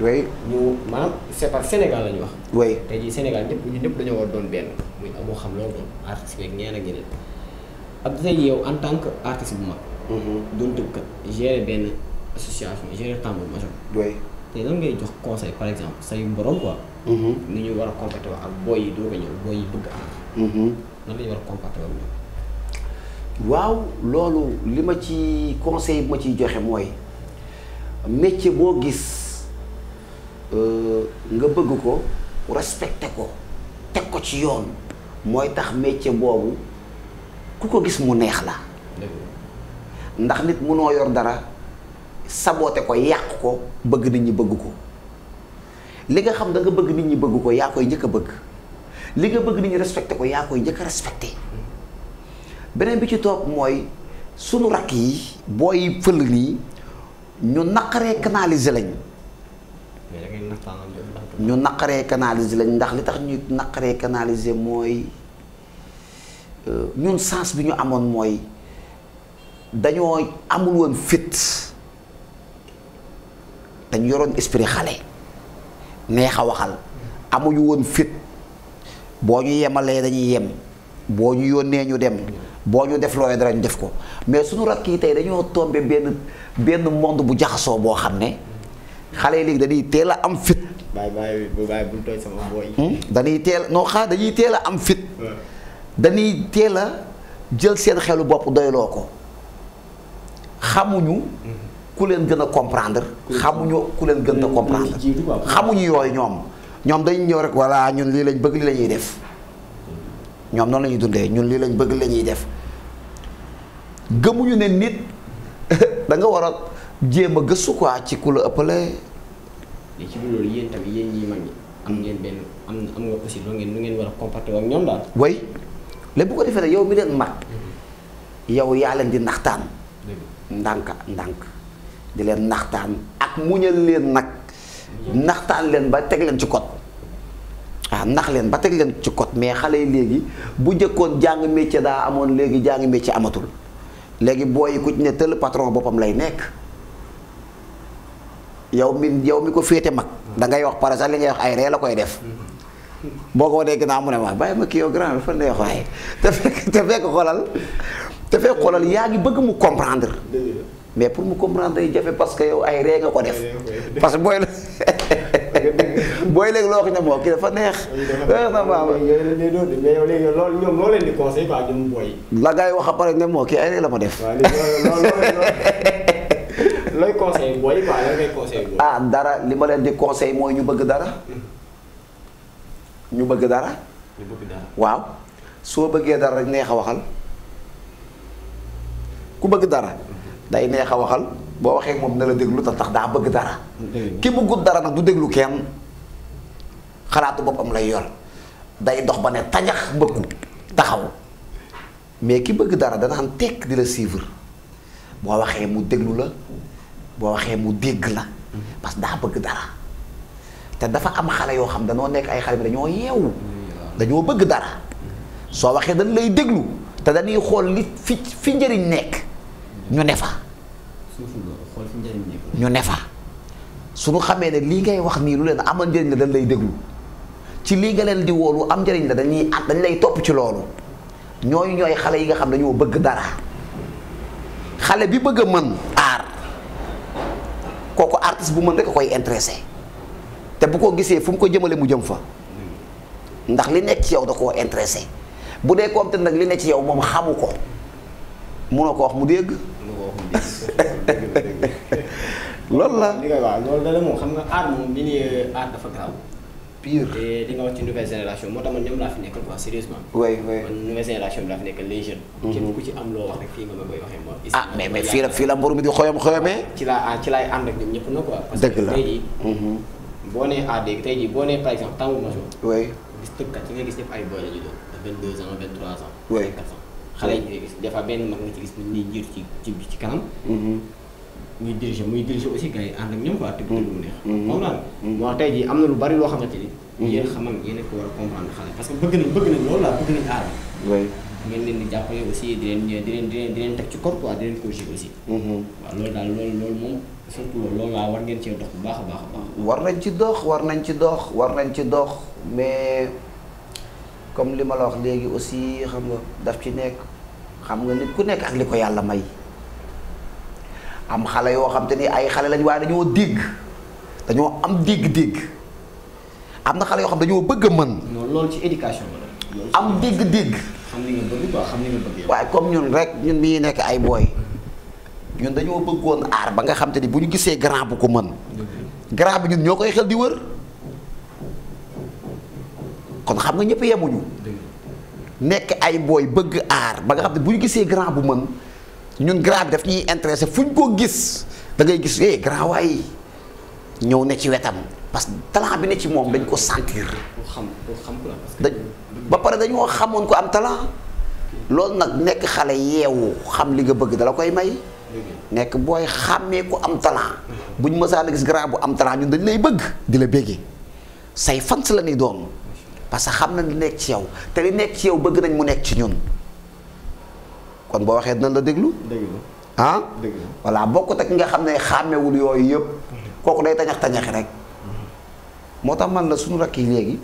Speaker 2: oui. ñu
Speaker 1: maanaam c'est par Sénégal la wax. oui tey jii Sénégal ñëpp ñu ñëpp dañoo war doon benn muy amoo xam loolu doon artiste beeg ñeneen ak ñeneen ak tey yow en tant que artiste bu mag. Mhm. doon tëggkat gérer benn association gérer tambour major. oui tey lan ngay jox conseil par exemple say quoi. Mm-hmm. ni ñu war a compété ak booy yi doo ko ñëw
Speaker 2: booy yi bëgg am. Mm-hmm. waaw loolu li ma ci conseil bi ma ciy joxe mooy métier boo gis euh, nga bëgg ko respecté ko teg ko ci yoon mooy tax métier boobu ku ko gis mu neex la ndax nit mënoo yor dara saboté ko yàq ko bëgg nit ñi bëgg ko li nga xam da bëgg nit ñi bëgg ko yaa koy njëkk a bëgg li nga bëgg nit ñi respecté ko yaa koy njëkk a beneen bi ci toog mooy sunu rakk yi booy fël nii ñu naqaree canaliser lañ ñu naqaree canaliser lañ ndax li tax ñu naqaree canaliser mooy euh, ñun sens bi ñu amoon mooy dañoo amul woon fit dañ yoroon esprit xale neex a waxal amuñu woon fit boo ñu yemalee dañuy yem boo ñu yónnee ñu dem boo ñu defloo looy dara ñu def ko mais suñu rakk yi tey dañoo tombé benn benn monde bu jaxasoo boo xam ne xale yi dañuy teel a am fit. bàyyi bàyyi hmm? dañuy teel non xaa dañuy teel a am fit. dañuy teel a jël seen xelu bopp doyloo ko xamuñu. Hmm. ku leen gën a comprendre xamuñu ku leen gën a comprendre xamuñu yooyu ñoom ñoom dañu ñëw rek voilà ñun lii lañ bëgg li la def ñoom noonu lañuy dundee ñun lii lañ bëgg li la def gëmuñu ne nit (laughs) danga nga war a jéem a gëstu quoi ci ku la ëppale. li ci biir loolu yéen tamit yéen ñi mag ñi am ngeen a comporter ñoom daal. way lépp bu ko defee rek yow mi leen mag mm-hmm. yow yaa leen di naxtaan. ndànk ndànk. di leen naxtaan ak muñal leen nag naxtaan leen ba teg leen ci kot waaw nax leen ba teg leen ci kot mais xale yi léegi bu njëkkoon jàng métier daa amoon léegi jàng métier amatul léegi booy ku ci ne tëll patron boppam lay nekk yow mi yow mi ko féete mag da ngay wax par exemple li ngay wax ay ree la koy def boo ko dee ginnaaw mu a ma bàyyi ma kii yow bi fa neex waaye te fekk te fekk xoolal te fekk xoolal yaa ngi bëgg mu comprendre mais pour mu comprendre day jafe parce que yow ay ree nga ko def parce que booy la (laughs) booy léegi loo xam ne moom dafa neex. la gars yi wax a pare ne moo kii ay ree la ma def. looy conseil booy ah, dara li ma leen di conseil mooy ñu bëgg dara. bëgg dara. ñu bëggee dara rek neex a waxal ku bëgg dara. day neex a waxal boo waxee moom na la déglu te tax daa bëgg dara. ki bëggut dara nag du déglu kenn xalaatu boppam lay yor day ndox ba ne tañax bëggu taxaw mais ki bëgg dara danaan tekk di la suivre waxee mu déglu la boo waxee mu dégg la parce que daa bëgg dara te dafa am xale yoo xam danoo nekk ay xale bi dañoo yeewu dañoo bëgg dara soo waxee dañ lay déglu te dañuy xool li fi fi njariñ nekk. ñu ne fa. ñu ne fa su ñu xamee ne lii ngay wax nii lu leen amal njëriñ la dañ lay déglu ci lii nga leen di woolu am njëriñ la dañuy dañ lay topp ci loolu ñooy ñooy xale yi nga xam dañoo bëgg dara xale bi bëgg a mën aar kooku artiste bu mën rek a koy intéressé te bu ko gisee fu mu ko jëmale mu jëm fa ndax li nekk ci yow da koo intéressé bu dee koom te nag li nekk ci yow moom xamu ko munoo ko wax mu dégg. (laughs) loolu la li nga wax loolu dana moom xam nga
Speaker 1: aar moom li ñuy aar dafa garaaw. pire te li nga wax ci nouvelle moo tax man ñoom laa fi nekkal quoi sérieusement. oui oui man nouvelle génération bi laa fi nekkal les jeunes. Mhm. ci am loo wax rek fii nga ak dëgg la mhm. boo nee aar dégg tey jii boo ne par exemple Tambour Major. oui gis tëkkat yi nga gis ñëpp ay boy la ñu doon. 22 ans 23 ans. oui 24 xale yi ñu koy gis des fois benn mag nga ci gis ñu ñuy jiitu ci ci ci kanam. ñuy mm-hmm. diriger muy diriger aussi gars yi ànd ak ñoom quoi. tëgg mu mm-hmm. neex. Mm-hmm. moom laa ne. wax tey jii am na lu bari loo xamante ni. yéen xamal yéen a ko war a comprendre parce que bëgg nañ bëgg loolu ngeen leen di jàppale aussi di di leen di leen di ci corps quoi di
Speaker 2: leen corriger aussi. waaw loolu daal loolu loolu moom surtout loolu waaw war ngeen cee dox bu baax a baax baax. war nañ ci dox war nañ ci dox war nañ ci dox mais comme li ma la wax léegi aussi xam nga daf ci nekk xam nga nit ku nekk ak li ko yàlla may am xale yoo xam te ni ay xale lañu waaye dañoo dégg dañoo am dégg-dégg am na xale yoo xam dañoo bëgg a mën. loolu ci éducation am dégg-dégg. xam ni waaye comme ñun rek ñun mi nekk ay booy ñun dañoo bëggoon aar ba nga xam te ni bu ñu gisee grand bu ko mën. grand bi ñun ñoo koy xel di wër kon xam nga ñépp yemuñu. nekk ay booy bëgg aar ba nga xam ne bu ñu gisee grand bu mën ñun grand bi daf ñuy intéressé fu ñu ko gis da ngay gis eh grand waay ñëw ne ci wetam parce que talent bi ne ci moom dañ ko sentir.
Speaker 1: xam xam
Speaker 2: dañ ba pare dañoo xamoon ko am talent loolu nag nekk xale yeewu xam li nga bëgg dala koy may. nekk booy xàmmee ko am talent. bu ñu mësaan a gis grand bu am talent ñun dañ lay bëgg. di la béggee say fans la ni doon. parce que xam na li nekk ci yow te li nekk ci yow bëgg nañ mu nekk ci ñun kon boo waxee dinañ la déglu. ah voilà bokkut ak nga xam ne xàmmewul yooyu yëpp kooku day tañax tañaxi rek moo tax man la suñu rakk yi léegi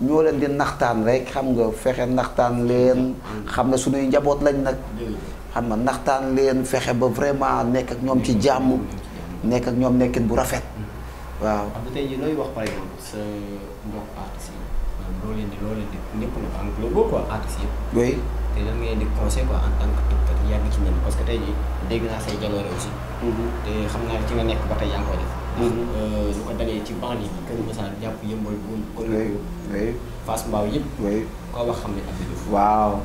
Speaker 2: ñoo leen di naxtaan rek xam nga fexe naxtaan leen xam suñuy njaboot lañ nag xam na naxtaan leen fexe ba vraiment nekk ak ñoom ci jàmm nekk ñoom nekkin bu rafet waaw.
Speaker 1: loolu leen di loolu leen di ñëpp di conseil quoi en tant ci ñenn parce que tey jii dégg naa say jaloore aussi. Mm-hmm. te nekk ba tey yaa mm-hmm. euh, ko dalee ci banlieue bi Kër jàpp yëmbal buum. oui oui Fass Mbao yëpp. oui koo wax xam ne Abdou Diouf.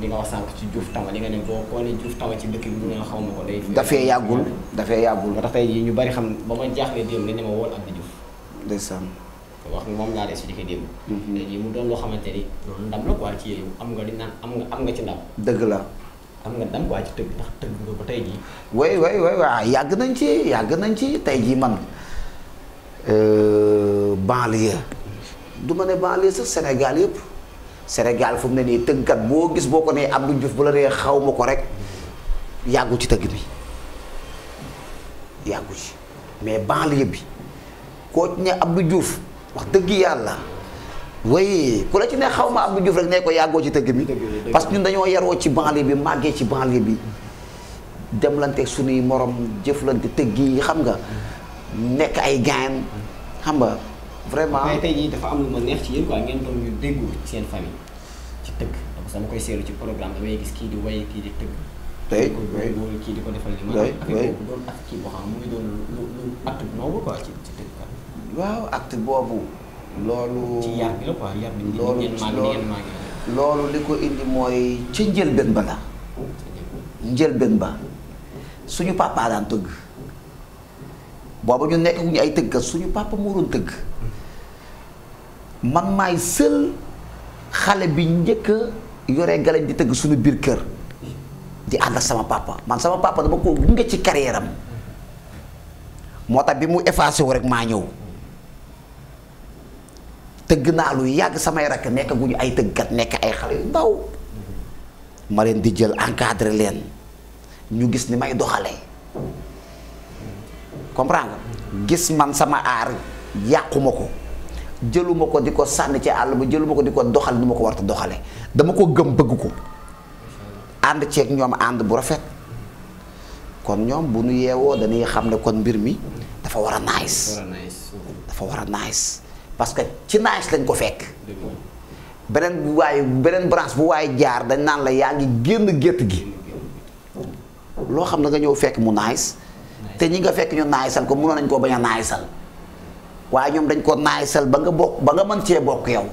Speaker 1: li nga wax sànq ci Diouf Tamba li nga koo ne Diouf Tamba ci ma ko day. yàggul
Speaker 2: dafee yàggul. ba tax tey jii ñu
Speaker 1: bari xam ba ma jaaxlee démb dañ ne ma wóol Abdou Diouf. ndeysaan. wax nga moom laa la expliqué démb. Mhm. mu doon loo xamante ni loolu ndam la quoi ci yow am nga di naan am nga am nga ci ndam. dëgg la. am nga ndam quoi ci tëgg ndax tëgg
Speaker 2: nga ba tey jii. way way way waa yàgg nañ ci yàgg nañ ci tey jii man euh, banlieue. du ma ne banlieue sax Sénégal yëpp. Sénégal fu mu ne nii tëggkat boo gis boo ko nee Abdou Diouf bu la nee xaw ma ko rek yàggu ci tëgg bi yàggu ci mais banlieue bi koo ci ne Abdou Diouf. wax dëgg yàlla way ku la ci ne xaw ma Abdou Diouf rek ne ko yàggoo ci tëgg bi parce que ñun dañoo yaroo ci banlieue bi màggee ci banlieue bi demlante suñuy moroom jëflante tëgg yi xam nga nekk ay gaan xam nga
Speaker 1: vraiment mais tey jii dafa am lu ma neex ci yéen quoi ngeen doon ñu déggu tëgg parce koy seetlu ci programme damay gis kii di way kii di tëgg tey kii di ko defal li ma doon ak mu ngi doon lu lu ci tëgg
Speaker 2: waaw acte boobu loolu ci yar bi la yar bi loolu loolu li ko indi mooy ca ben ba la ben ba suñu papa daan tëgg boobu ñu nekk ñu ay tëggkat suñu papa moo doon tëgg man maay sël xale bi njëkk a yore galañ di tëgg suñu biir kër di ànd sama papa man sama papa dama ko gunge ci carrière am moo tax bi mu effacé wu rek maa ñëw tëgg naa lu yàgg samay rakk nekk gu ñu ay tëggkat nekk ay xale yu ndaw ma leen di jël encadré leen ñu gis ni may doxale comprendre nga gis man sama aar yàquma ko jëluma ko di ko sànni ci àll ba jëluma ko di ko doxal ni ma ko war doxale dama ko gëm bëgg ko ànd ceeg ñoom ànd bu rafet kon ñoom bu nu yeewoo dañuy xam ne kon mbir mi dafa war a nice dafa war a nice parce que ci naaj lañ ko fekk benen bu way benen branche bu way jaar dañ nan la yaangi genn génn gi lo xam na nga ñew fekk mu nice te ñi nga fekk ñu naajsal ko mënoon nañ ko baña a naajsal waaye ñoom dañ ko naajsal ba nga bok ba nga mën ci bok yow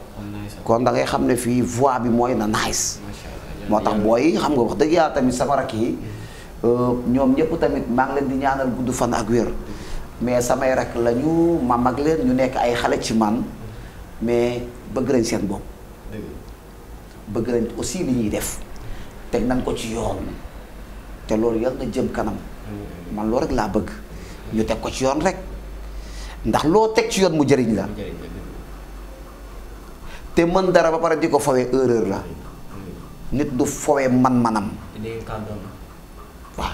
Speaker 2: kon da ngay xam ne fii voix bi moy na nice motax boy xam nga wax deug ya tamit safara euh ñom ñëpp tamit ma ngi leen di ñaanal guddu fan ak wër mais sama rek lañu ñu ma mag leen ñu nek ay xalé ci man mais bëgg nañ seen bop bëgg nañ aussi li ñuy def tek nañ ko ci yoon té loolu yalla na jëm kanam man rek la bëgg ñu tek ko ci yoon rek ndax lo tek ci yoon mu jëriñ la té man dara ba para diko erreur la nit du man-manam wa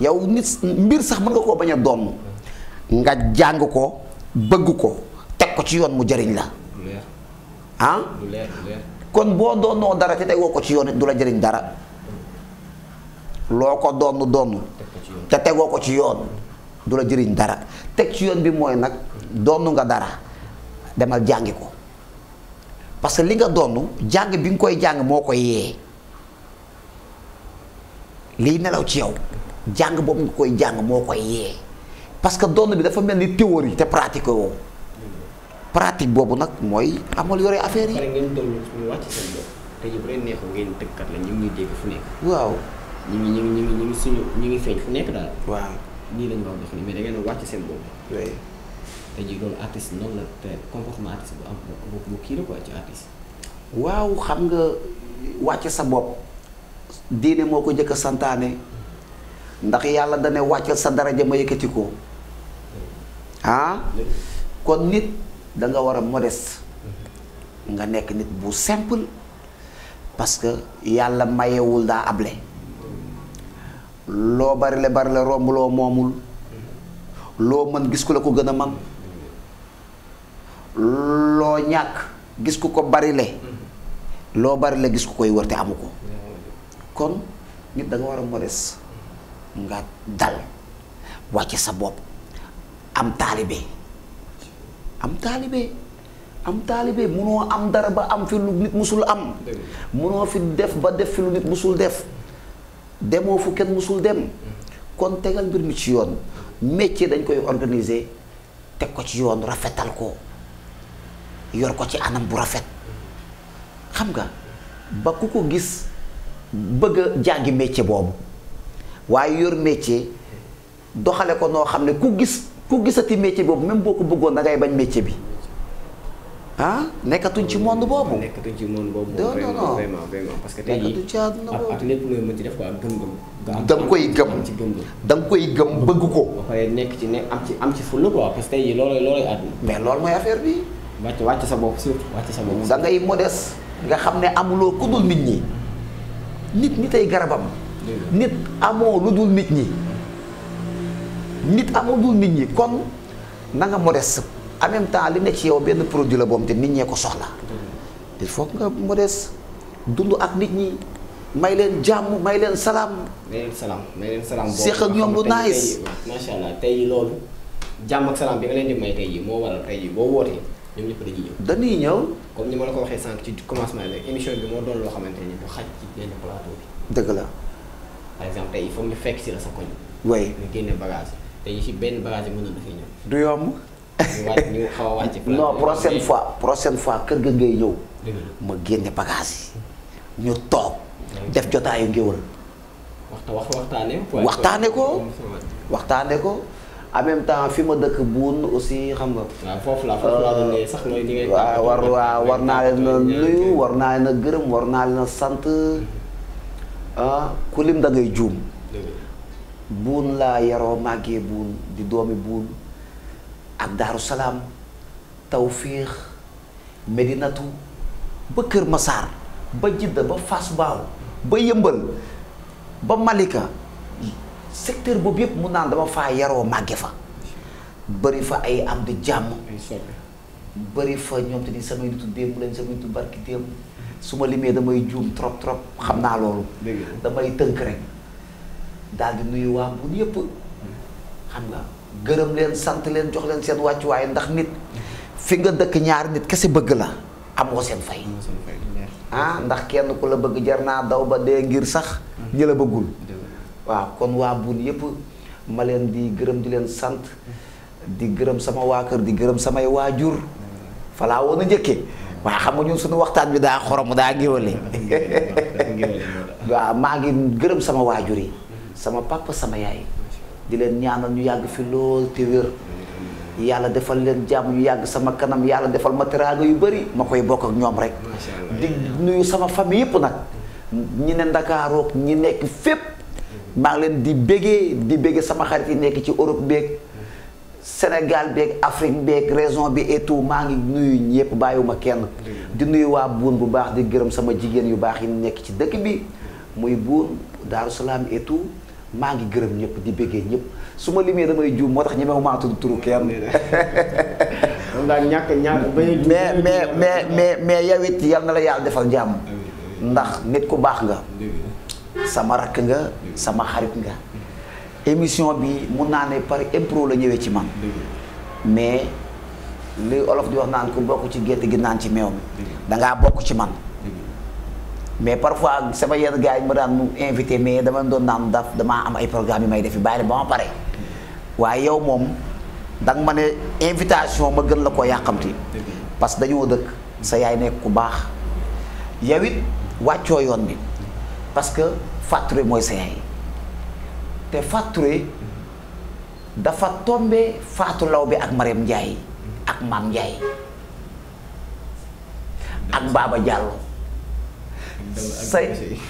Speaker 2: yow nit mbir sax mën nga doon nga jàng ko bëgg ko teg ko ci yoon mu jëriñ la ah kon boo doonoo dara te tegoo ko ci yoon du la jëriñ dara loo ko doonu doonu te tegoo ko ci yoon du la jëriñ dara teg ci yoon bi mooy nag doonu nga dara demal jàngi ko parce que li nga doonu jàng bi nga koy jàng moo koy yee liy nelaw ci yow jàng boobu nga koy jàng moo koy yee parce que doon bi dafa mel ni théorie te pratique woo pratique boobu nag mooy amal yore affaire yi. pare ngeen doon ñu wàcc seen
Speaker 1: bopp te ñu bëri neexu ngeen tëggkat la ñu ngi ñuy dégg fu nekk. waaw ñu ngi ñu ngi suñu ñu ngi feeñ fu nekk daal. waaw nii lañ war a dox nii mais da ngeen wàcc seen bopp. oui kii la
Speaker 2: waaw xam nga wàcc sa bopp diine moo ko njëkk a santaane ndax yàlla dana ne wàccal sa daraja ma yëkkati ko. ah kon nit da nga war a modeste nga nekk nit bu simple parce que yàlla mayewul daa able loo bari la bari la romb loo moomul loo mën gis ku la ko gën a mën loo ñàkk gis ku ko bari le loo bari la gis ku koy wër amu ko kon nit da war a modeste nga dal wàcce sa bopp am taalibe am taalibe am taalibe munoo am dara ba am fi lu nit musul am munoo fi def ba def fi lu nit musul def demoo fu kenn musul dem kon tegal mbir mi ci yoon métier dañ koy organiser teg ko ci yoon rafetal ko yor ko ci anam bu rafet xam nga ba ku ko gis bëgg a jàngi métier boobu waaye yor métier doxale ko noo xam ne ku gis ku gisati métier boobu même boo ko bëggoon da ngay bañ métier bi ah nekkatuñ ci monde boobu. nekkatuñ
Speaker 1: ci monde boobu vraiment vraiment vraiment parce que tey jii ak lépp ngay mën ci def ko koy gëm ci gëm-gëm. koy gëm bëgg ko. ba pare nekk ci nekk am ci am ci fulla quoi parce que tey
Speaker 2: mais loolu mooy affaire bi. wàcc wàcc sa bopp surtout wàcc sa bopp. nga xam ne amuloo ku dul nit ñi nit ñi tey garabam. nit amoo lu dul nit ñi. nit amagul nit ñi kon na nga modeste en même temps li ne ci yow benn produit la bom te nit ñee ko soxla il faut nga modeste dundu ak nit ñi may leen jamm may leen salam
Speaker 1: may leen salam may leen bo seq ak ñom lu nice machallah tay yi lool jamm ak salam bi nga leen di may tey jii moo waral yi bo wote wootee ñoom ñëpp dañuy ñëw. dañuy ñëw. comme ni ma la ko waxee sànq ci commencement bi émission bi moo doon loo xamante ni bu xaj ci benn plateau bi. dëgg la. par exemple tey il faut ñu fekk si la sa koñ. oui
Speaker 2: ñu génne bagage.
Speaker 1: te yi si benn bagage yi mënoon na fi
Speaker 2: du yomb. ñu (laughs) prochaine fois prochaine fois kër ga ngay ñëw. ma génne bagage yi. ñu toog def jotaayu ngéwël. waxta waxtaanee. waxtaanee ko waxtaanee ko. en même temps fi ma dëkk buun aussi xam nga. waaw foofu la foofu euh, waaw war waaw war naa leen a nuyu war naa leen a gërëm war naa leen a sant mm-hmm. ah ku juum. Bun la yaro magge bun di doomi bun, ak salam salaam medinatu ba keur masar ba jidda ba fas baaw ba yembal ba malika secteur bo yëpp mu nan dama fa yaro magge fa bëri fa ay am di jam bëri fa ñom te sama samay nitu démb lañ sama nitu barki démb suma ma damay joom trop trop xamna lolu damay teunk rek daal di nuyu waa Mbour yëpp xam nga gërëm leen sant leen jox leen seen waaye ndax nit fi nga dëkk ñaari nit kese bëgg la amoo seen fay. ah ndax kenn ku la bëgg jar naa daw ba dee ngir sax hmm. ñi la bëggul. waaw kon waa Mbour yépp ma leen di gërëm di leen sant di gërëm sama waa kër di gërëm samay waajur. falaa woon a njëkkee waa xam nga ñun suñu waxtaan bi daa xorom daa géwale (laughs) waaw maa ngi gërëm sama waajur yi. sama papa sama yaay di leen ñaanal ñu yàgg fi lool te wér yàlla defal leen jàmm ñu yàgg sama kanam yàlla defal ma teraanga yu bari ma koy bokk ak ñoom rek di nuyu sama famille yëpp nag ñi ne ndakaaroo ñi nekk fépp maa ngi leen di bégee di bégee sama xarit yi nekk ci Europe beeg Sénégal beeg Afrique beeg région bi et maa ngi nuyu ñëpp bàyyiwuma kenn di nuyu waa buun bu baax di gërëm sama jigéen yu baax yi nekk ci dëkk bi muy buun Daaru Salaam maa ngi gërëm ñëpp di bëggee ñëpp su ma limee damay juum moo tax ñi ma tudd turu kenn. (laughs) ñàkk ñàkk mais mais mais mais mais yow it yal na la yàlla defal jàmm. ndax nit ku baax nga. sama rakk nga sama xarit nga. émission bi mun naa ne par impro la ñëwee ci man. mais li olof di wax naan ko bokk ci gerte gi naan ci meew mi. da bokk ci man. mais parfois sama yenn gars yi ma daan mu invité mais dama doon naan daf damaa am ay programme yi may def bàyyi la ba ma pare waaye yow moom danga ma ne invitation ma gën la ko yàqamti parce que dañoo dëkk sa yaay nekk ku baax yow it wàccoo yoon bi parce que facturé mooy sa yaay te facturé dafa tombé faatu Law bi ak Marème yi ak Mame Ndiaye ak Baba Diallo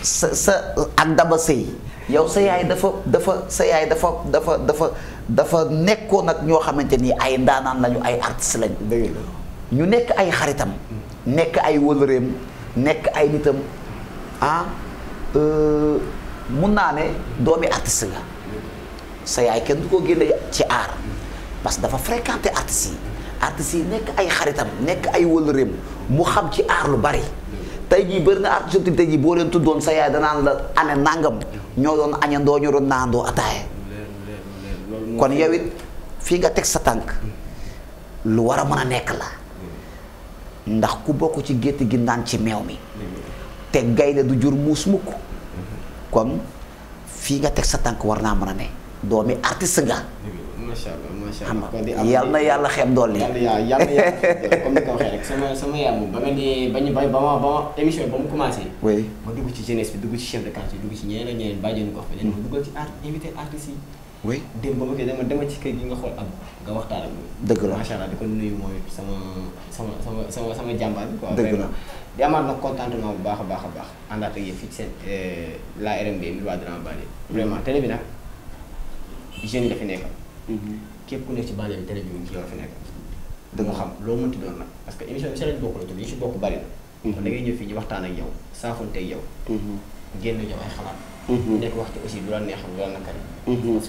Speaker 2: sa sa ak daba sëy yow sa yaay dafa dafa sa yaay dafa dafa dafa dafa nekkoon ak ñoo xamante ni ay ndaanaan lañu ay artistes lañu ñu nekk ay xaritam nekk ay wëlëreem nekk ay nitam ah euh, mun naa ne doomi artiste la sa yaay kenn du koo génne ci aar parce que dafa fréquenté artistes yi artistes yi nekk ay xaritam nekk ay wëlëreem mu xam ci aar lu bari tey jii bëri na artiste tey boo leen tuddoon sa yaay danaan la ane nàngam ñoo doon añandoo ñoo doon naandoo ataaye kon yow it fii nga teg sa tànk lu war a mën a nekk la ndax ku bokk ci gétt gi naan ci meew mi te gaynde du jur muus mukk kon fii nga teg sa tànk war naa mën a ne doomi artiste nga
Speaker 1: macha allah macha allah yal na yàlla xeeb dool yi.
Speaker 2: yal na yàlla comme
Speaker 1: ni ko waxee rek sama sama yaay ba nga nee ba ñu ba ma ba ma émission bi ba mu commencé. oui ma dugg ci jeunesse bi dugg ci chef de quartier dugg ci ñeneen ak ñeneen bàjjenu gox bi. ma duggal ci art invité artistes yi. oui dem ba ma koy dama dama ci kër gi nga xool am nga waxtaan ak moom. dëgg la macha allah di ko nuyu mooy sama sama sama sama sama jàmbaar bi quoi. dëgg la di amaat nag contentement bu baax a baax a baax àndaat ak yéen fii ci seen euh, la RMB Mille Voix de Lambaréné. vraiment télé bi nag jeunes yi dafa nekkal képp ku nekk ci bànneex télé bi mu ci yow fi nekk da xam loo mënti doon nag parce que émission bi bokk la tudd yi si bokk bari na mm-hmm. kon da ngay ñëw waxtaan ak yow saafonte ak yow mm-hmm. génn ñoom ay xalaat mm-hmm. nekk waxtu aussi du la neexam du la nakari parce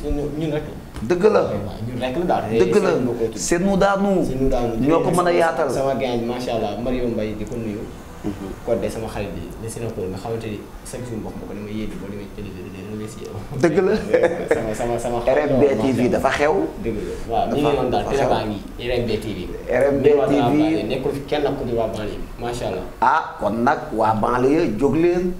Speaker 1: dëgg la dëgg la
Speaker 2: c'est nous daal ñoo ko mën a yaatal sama gaañ
Speaker 1: macha allah Mario Mbaye di ko nuyu Mm-hmm. kon de sama xarit bi ne ni chaque jour dëgg la (laughs) sama RMB TV dafa xew. dëgg la kenn ku di allah.
Speaker 2: ah kon nag waa banlieue jóg leen.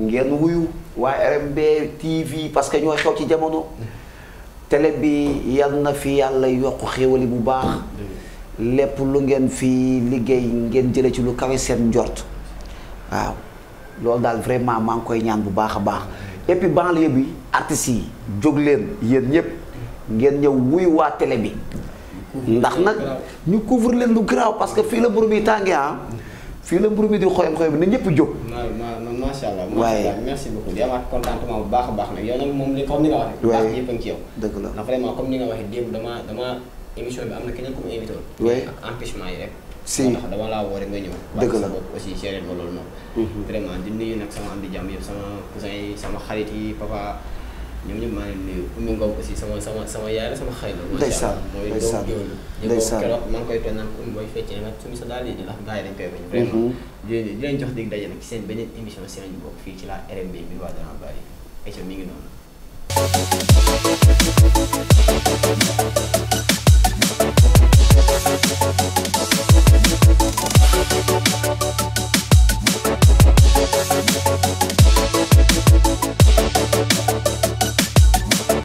Speaker 2: ngeen wuyu waa RMB TV parce que ñoo xew ci jamono. Mm-hmm. télé bi yal na fi yàlla yokk xéwali bu baax. lepp lu ngeen fi liggey ngeen jëlee ci lu kawé sen njort waaw loolu dal vraiment ma ngi koy ñaan bu baaxa baax et puis banlieue bi artiste yi jog leen yeen ñëpp ngeen ñew wuy wa télé bi ndax nak ñu couvre leen lu garaaw parce que fi le bourbi mi tàngee ah. fi le bourbi mburu mi di xoyam xoyam na ñëpp jóg. allah macha allah
Speaker 1: merci beaucoup contentement ni nga waxee. waaw émission bi am na keneen ku mu invité woon. oui ak empêchement yi rek. si ndax la bopp ma loolu moom. Mhm. vraiment di nuyu nag sama am di yi sama xarit yi papa ñoom ñëpp maa sama sama sama yaay la sama xarit la. ndeysaan sa di ndax gars yi dañ koy bañ. vraiment mhm. di leen di leen jox dig daje nag ci fii ci la RMB bi waa ngi noonu.